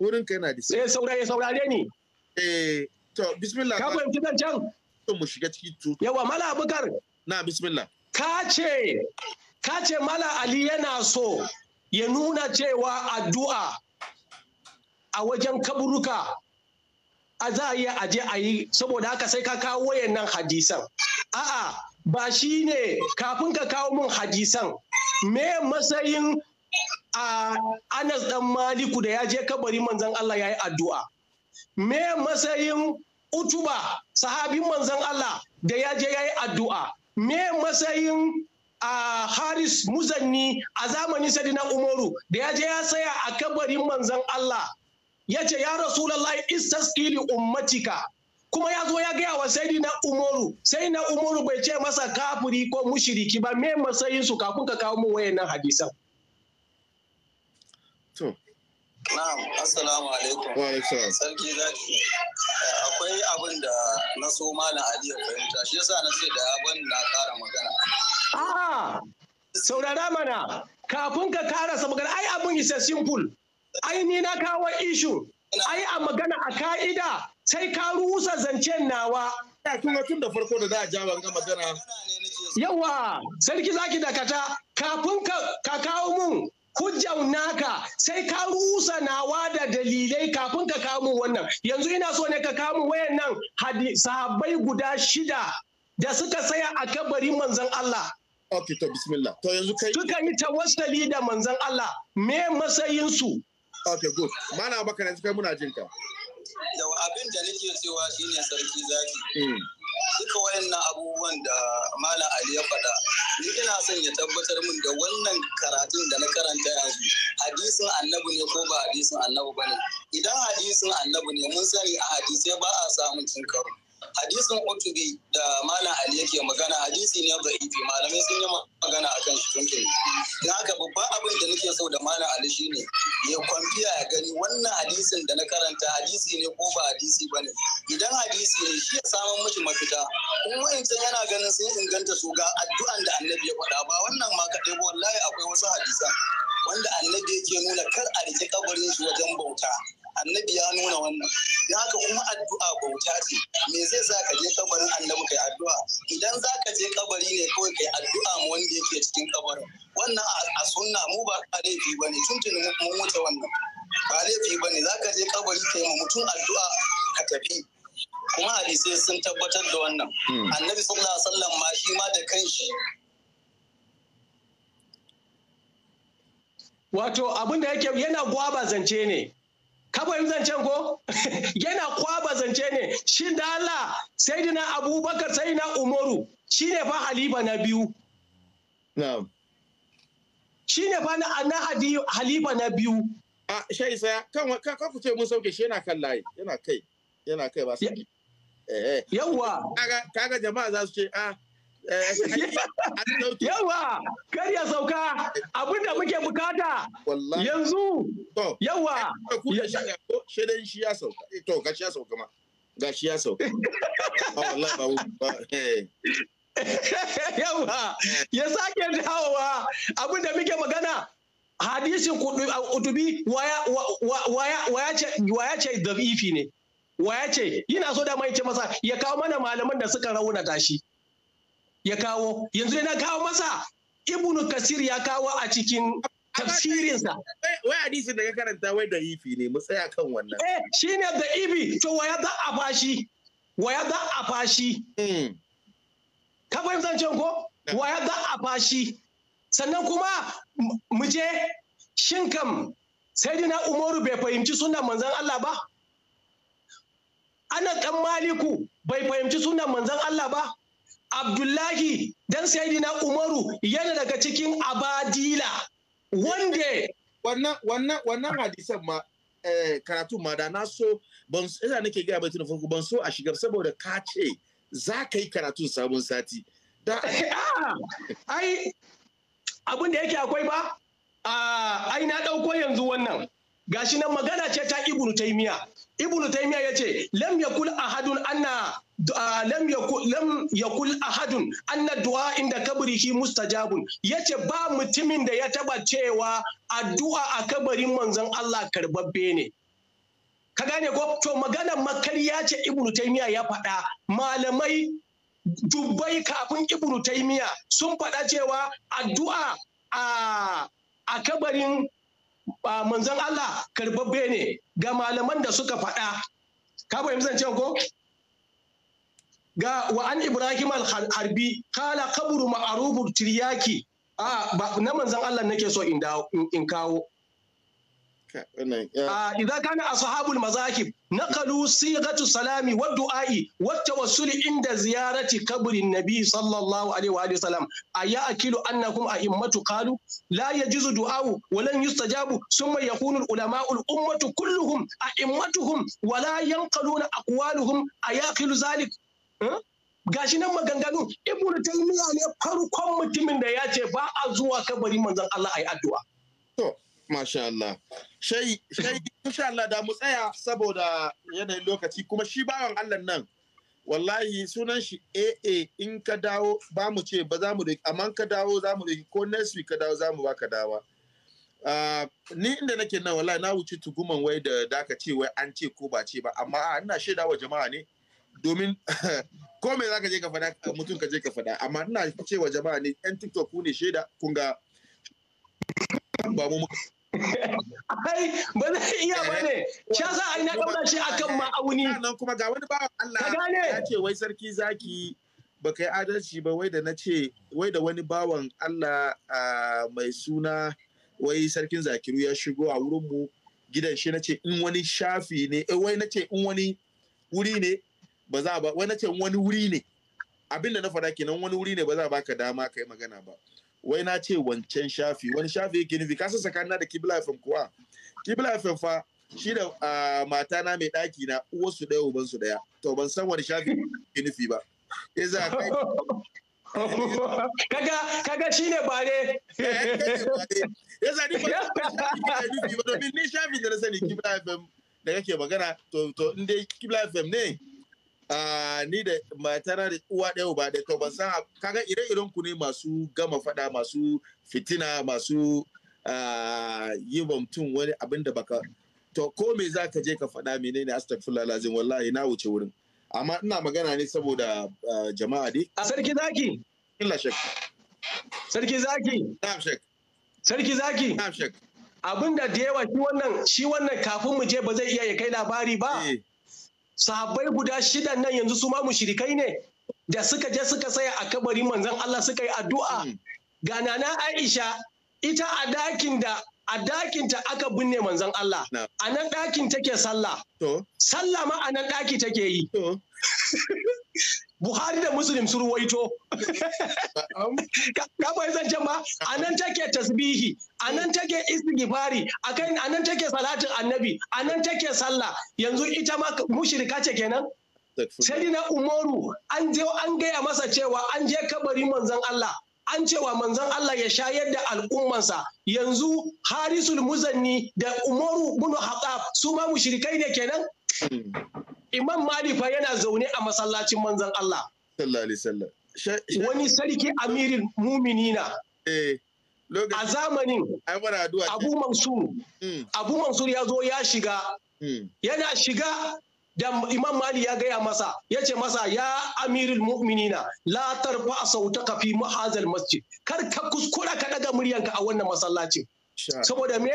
wurin ka yana da eh, sai ya eh, saurare ni eh to bismillah ka fahimci nan can to mu shiga ciki to yawa mala abukar na bismillah ka ce ka ce mala ali yana so ya nuna cewa addu'a a wajen kaburuka a za a iya aje a yi saboda haka sai ka kawo nan hadisan a'a ba shi ne kafin ka kawo mun hadisan me matsayin a Anas dan Maliku da ya je kabarin manzon Allah ya yi addu'a. Me matsayin utuba sahabin manzon Allah da ya je ya yi addu'a. Me masayin a Haris Muzanni a zamanin Sadina Umaru da ya je ya tsaya a kabarin manzon Allah ya ce ya Rasulallah istasqili ummatika kuma ya zo ya gaya wa sai na umaru sai na umaru bai ce masa kafuri ko mushiriki ba me matsayin su kafin ka kawo mu wayannan hadisan Na'am, assalamu alaikum. Wa alaikum. Sarki zaki. Akwai abin da na so Malam Ali ya fahimta, shi yasa na ce da ban na kara magana. A'a, saurara mana, kafin ka karasa magana, ai abin isa simple. Ai ni na kawo issue. Ai a magana a ka'ida sai ka rusa zancen nawa. Ya kuma tun da farko da za a ja ga magana. Yawa, sarki zaki dakata, kafin ka kawo mun hujjan naka sai ka rusa nawa da dalilai kafin ka kamun wannan yanzu ina so ne ka kamun wayan nan sahabbai guda shida da suka tsaya a kabarin manzon Allah okay to bismillah to yanzu kai suka yi tawassali da manzon Allah me matsayin su okay good mana baka yanzu kai muna jinka Yau abin da nake cewa shine sarki zaki hmm. duka wayannan abubuwan da malam ali ya faɗa ni ina son ya tabbatar min da wannan karatun da na karanta yanzu hadisin annabi ne ko ba hadisin annabi bane idan hadisin annabi ne mun sani a hadisai ba a samun cin karo hadisin utubi da malam ali yake magana hadisi ne da'ifi malamai sun yi magana akan shi tunke na haka babban abin da nake so da malam ali shine ya kwamfiya ya gani wannan hadisin da na karanta hadisi ne ko ba hadisi ba ne idan hadisi ne shi ya samun mishi mafita kuma wa'ancan yana ganin sun inganta su ga addu'an da annabi ya faɗa ba wannan ma kaɗai wallahi akwai wasu hadisan wanda annabi yake nuna kar a riƙe kabarin su wajen bauta annabi ya nuna wannan ya haka kuma addu'a bauta ce me zai sa ka je kabarin annabi kai addu'a idan za ka je kabari ne kawai kai addu'a ma wanda yake cikin kabarin wannan a sunna mu ba ka laifi bane tuntun mun wuce wannan ba laifi bane za ka je kabari kai ma mutum addu'a ka tafi kuma hadisai sun tabbatar da wannan hmm. annabi sallallahu alaihi wasallam ma shi ma da kanshi wato abin da yake yana gwaba zance ne ka fahimci zancen ko yana kwaba zance ne shi da Allah sai dina abubakar sai na umaru shi ne fa halifa na biyu shi ne fa na halifa na biyu a shai saya kan ka ka fice mun sauke shi yana kan layi yana kai yana kai ba su eh, eh. yawwa kaga jama'a za su ce a ah, Eh, yawa kar ya sauka abin da muke bukata yanzu yawa shi ya sauka eh, to ga shi ya sauka ma ga shi ya sauka ah, eh. yawa ya sake dawowa abin da muke magana hadisin kutubi uh, waya ce da ifi ne waya ce yana so da mai ce masa ya kawo mana malaman da suka raunata shi ya kawo yanzu na kawo masa ibnu kasir ya kawo a cikin tafsirinsa wai hadisi da ya karanta wai da ifi ne mu tsaya kan wannan eh shine da ibi to waya da afashi waya da afashi hmm. ka fahimta can ko waya da afashi sannan kuma mu je shin kam sayyidina umaru bai fahimci sunan manzon Allah ba ana kan maliku bai fahimci sunan manzon Allah ba Abdullahi dan Sayyidina Umaru yana daga cikin abadila wanda wannan wannan wannan hadisan ma eh, karatu ma da na so ban ina nake gaya bai farko ban so a shigar saboda ka ce za ka yi karatun sabon sati da ah, ai abin da yake akwai ba ah, ai na ɗauko yanzu wannan gashi nan magana ce ta ibnu taymiya ibnu taymiya yace lam yakul ahadun anna Ah, lam lam yakul ahadun anna du'a inda kabrihi mustajabun yace ba mutumin da ya taba cewa addu'a a kabarin manzon Allah karbabbe ne ka gane ko to magana makariya ce ibnu taymiya ya faɗa malamai dubbai kafin ibnu taymiya sun faɗa cewa addu'a a a kabarin manzon Allah karbabbe ne ga malaman da suka faɗa ka bai zan ko ga wa an ibrahim al-harbi kala kaburu ma'arufu tiryaki a na manzan Allah nake so in kawo idan kana ashabul mazahib Kalu Sigatu salami wa du'ai wa tawassuli inda ziyarati kabrin nabi sallallahu alaihi wa sallam aya akilu annakum a'immatu Kalu. la yajuzu du'au wa lan yustajabu thumma yakunu ulama'ul ulamau al-ummatu kulluhum a'immatuhum wa la yanqaluna aqwaluhum ayaqilu zalik Eh? gashi nan maganganu ibnu taymiya ne farkon mutumin da ya ce ba a zuwa kabari manzon Allah ayi addu'a to masha Allah shai shai insha Allah da mu tsaya saboda yanayin lokaci kuma shi bawan Allah nan wallahi sunan shi AA in ka dawo ba mu ce ba za mu da amma ka dawo za mu da ko next week ka dawo za mu baka dawa ah, ni inda nake nan wallahi na wuce tuguman wai da daka ce wai an ce ko ba ce ba amma ina shaida wa jama'a ne domin kome za ka je ka faɗa mutum ka je ka faɗa amma ina cewa jama'a ne yan tiktok ku ne shaida kun ga ba mu ai ba zai iya ba ne shi yasa ai na kauna shi akan ma'auni nan kuma ga wani bawan Allah ya ce wai sarki zaki ba kai adalci ba wai da na ce wai da wani bawan Allah mai suna wai sarkin zakiru ya shigo a wurin mu gidan shi na ce in wani shafi ne eh, wai na ce in wani wuri ne ba za ba wani ce wani wuri ne abin da na faɗa kenan wani wuri ne ba za baka dama kai magana ba wai na ce wancan shafi wani shafi yake nufi ka san sakana da kibla fm kuwa kibla fm fa shi da mata na mai ɗaki na uwarsu ɗaya uban su ɗaya to ban san wani shafi yake nufi ba ya za kai kaga kaga shine bare ya eh, za ni ba nufi ba domin ni shafi da na sani kibla fm da kake magana to to in kibla fm ne Ah, ni da matara da uwa ɗaya uba ɗaya to ban san kaga ire-iren ku ne masu gama fada masu fitina masu ah, yi wa mutum wani abin da baka to ko me za ka je ka faɗa menene astagfirullah lazim wallahi na wuce wurin amma ina magana ne saboda ah, jama'a dai a sarki zaki illa shek sarki zaki na'am shek sarki zaki na'am shek abinda da yawa shi wannan shi wannan kafin mu je ba zai iya ya kai labari ba eh. sahabbai guda shidan nan yanzu su ma mushrikai ne da suka je suka saya a kabarin manzon Allah suka yi addu'a mm. ga nana Aisha ita a dakin da a dakinta aka binne manzon Allah a nan dakin take sallah sallah ma a nan daki take yi Buhari da Muslim sun ruwaito. yi zancen ba, a nan take tasbihi, a nan take istighfari, a nan take salatin annabi, a nan take sallah, yanzu ita ma mushrika ce kenan? Sai na Umaru an je an gaya masa cewa an je kabari manzon Allah. An cewa manzon Allah ya shayar da al'ummansa yanzu Harisul Muzanni da Umaru Bunu Haƙaf su ma mushrikai ne kenan? Imam malifa fa yana zaune a masallacin manzon Allah. Wani sarki amirin muminina. Eh, a zamanin Abu Mansur, hmm. Abu Mansur ya zo ya shiga, hmm. yana shiga da Imam Malik ya gaya masa, ya ce masa ya amirul mu'minina la tarfa sautaka fi muhazal masjid. Kar ka kuskura ka daga muryanka a wannan masallacin. Saboda me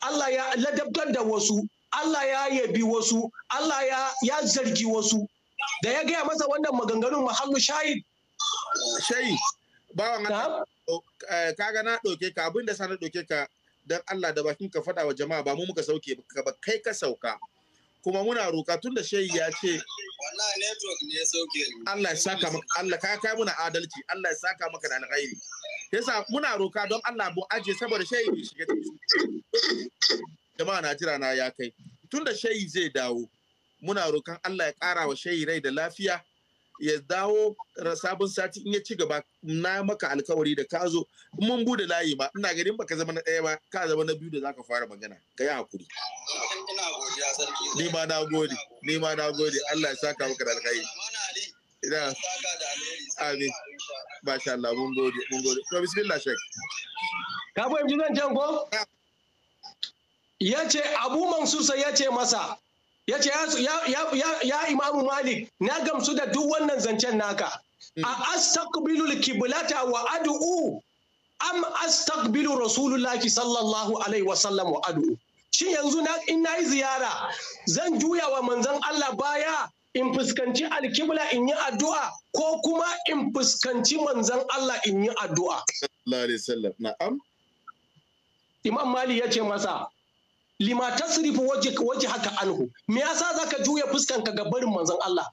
Allah ya ladabtar da wasu Allah ya yabi wasu Allah ya zargi wasu da ya gaya masa wannan maganganun mahallu shahid shahid bawan eh, kaga na ɗauke ka abin da sana ɗauke ka don Allah da bakin ka faɗa wa jama'a ba mu muka sauke ba kai ka sauka kuma muna roka tun da shayi ya ce network ne Allah ya saka maka Allah ka kai muna adalci Allah ya saka maka da alkhairi yasa muna roka don Allah bu aje saboda shayi bai shiga cikin jama'a na jira na ya kai tunda shayi zai dawo muna rokan Allah ya ƙara wa shayi rai da lafiya ya dawo sabon sati in ya ci gaba na maka alkawari da ka zo in mun bude layi ma ina ganin baka zama na ɗaya ba ka zama na biyu da zaka fara magana ka yi hakuri ni ma na gode ni ma na gode Allah ya saka maka da alkhairi ina amin masha Allah mun gode mun gode to bismillah shek ka bo zan jan ko ya ce abu mansusa ya ce masa ya ce ya imamu malik na gamsu da duk wannan zancen naka hmm. a astaqbilul kiblata wa ad'u am astaqbilu rasulullahi sallallahu alaihi wasallam wa ad'u shi yanzu na in nayi ziyara zan juya wa manzon Allah baya in fuskanci alkibla in yi addu'a ko kuma in fuskanci manzon Allah in yi addu'a sallallahu alaihi wasallam na'am imam mali ya ce masa lima tasrifu waje haka anhu me yasa zaka juya fuskanka ga barin manzon Allah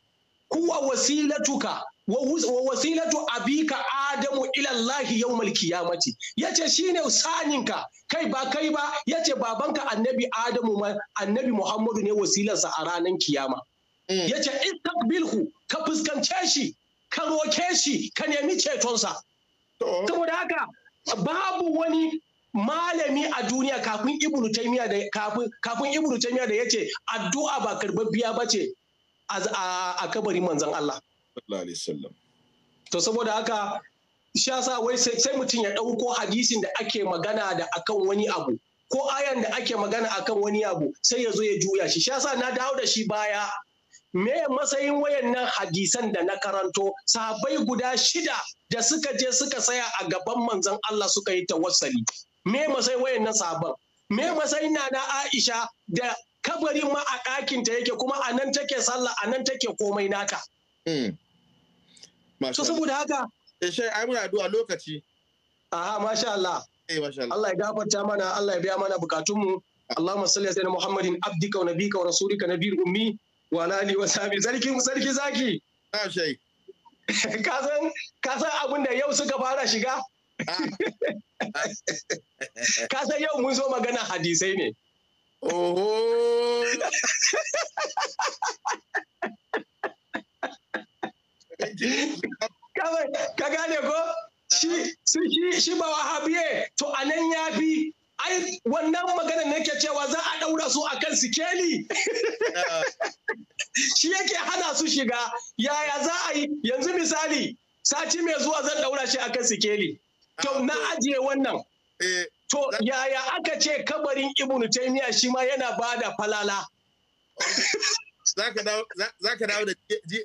kuwa wasilatuka wa wasilatu abika adamu ila Allah yawmal qiyamati yace shine saninka kai ba kai ba yace babanka annabi adamu ma annabi muhammadu ne wasilarsa a ranan kiyama eh. yace istaqbilhu ka fuskance shi ka roke shi ka nemi cetonsa saboda haka babu wani malami a duniya kafin ibnu taymiya da kafin kafin ibnu taymiya da yace addu'a ba karbabbiya bace a kabarin manzon Allah sallallahu alaihi wasallam to saboda haka shi yasa wai sai mutum ya ɗauko hadisin da ake magana da akan wani abu ko ayan da ake magana akan wani abu sai ya zo ya juya shi shi yasa na dawo da shi baya me masayin wayannan hadisan da na karanto sahabbai guda shida da suka je suka tsaya a gaban manzon Allah suka yi tawassali me wayan wayannan sabon me masai na na Aisha da kabarin ma a ɗakin ta yake kuma a nan take sallah a nan take komai nata hmm. so saboda haka eh, shai ai muna addu'a lokaci aha masha Allah eh masha Allah Allah ya gafarta mana Allah ya biya mana bukatunmu Allahumma salli ala Muhammadin abdika wa nabika wa rasulika nabiyil ummi wa ala alihi wa sahbihi sarki sarki zaki ah, ka san abin da yau suka fara shiga Ka san yau mun zo magana hadisai ne. Oho! Ka gane ko? Shi, ba wa habiye, to a nan ya fi ai wannan magana nake cewa za a ɗaura su a kan sikeli shi yake hana su shiga yaya za a yi yanzu misali sati mai zuwa zan ɗaura shi a kan sikeli to na ajiye wannan eh. to yaya aka ce kabarin Ibn taymiya shi ma yana bada falala za ka dawo da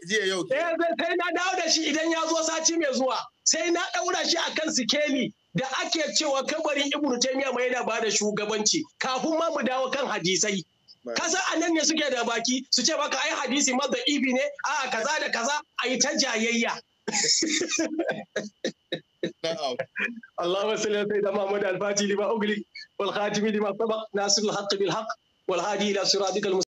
jiya yau eh, zai sai na dawo da shi idan ya zo sati mai zuwa sai na ɗaura shi a kan sikeli da ake cewa kabarin Ibn taymiya ma yana da shugabanci kafin ma mu dawo kan hadisai kasa a nan ne suke da baki su ce baka ai hadisi mazda ibi ne a kaza da kaza a yi ta jayayya نعم اللهم صل على سيدنا محمد الفاتح لما أغلق والخاتم لما سبق ناصر الحق بالحق والهادي إلى صراطك المستقيم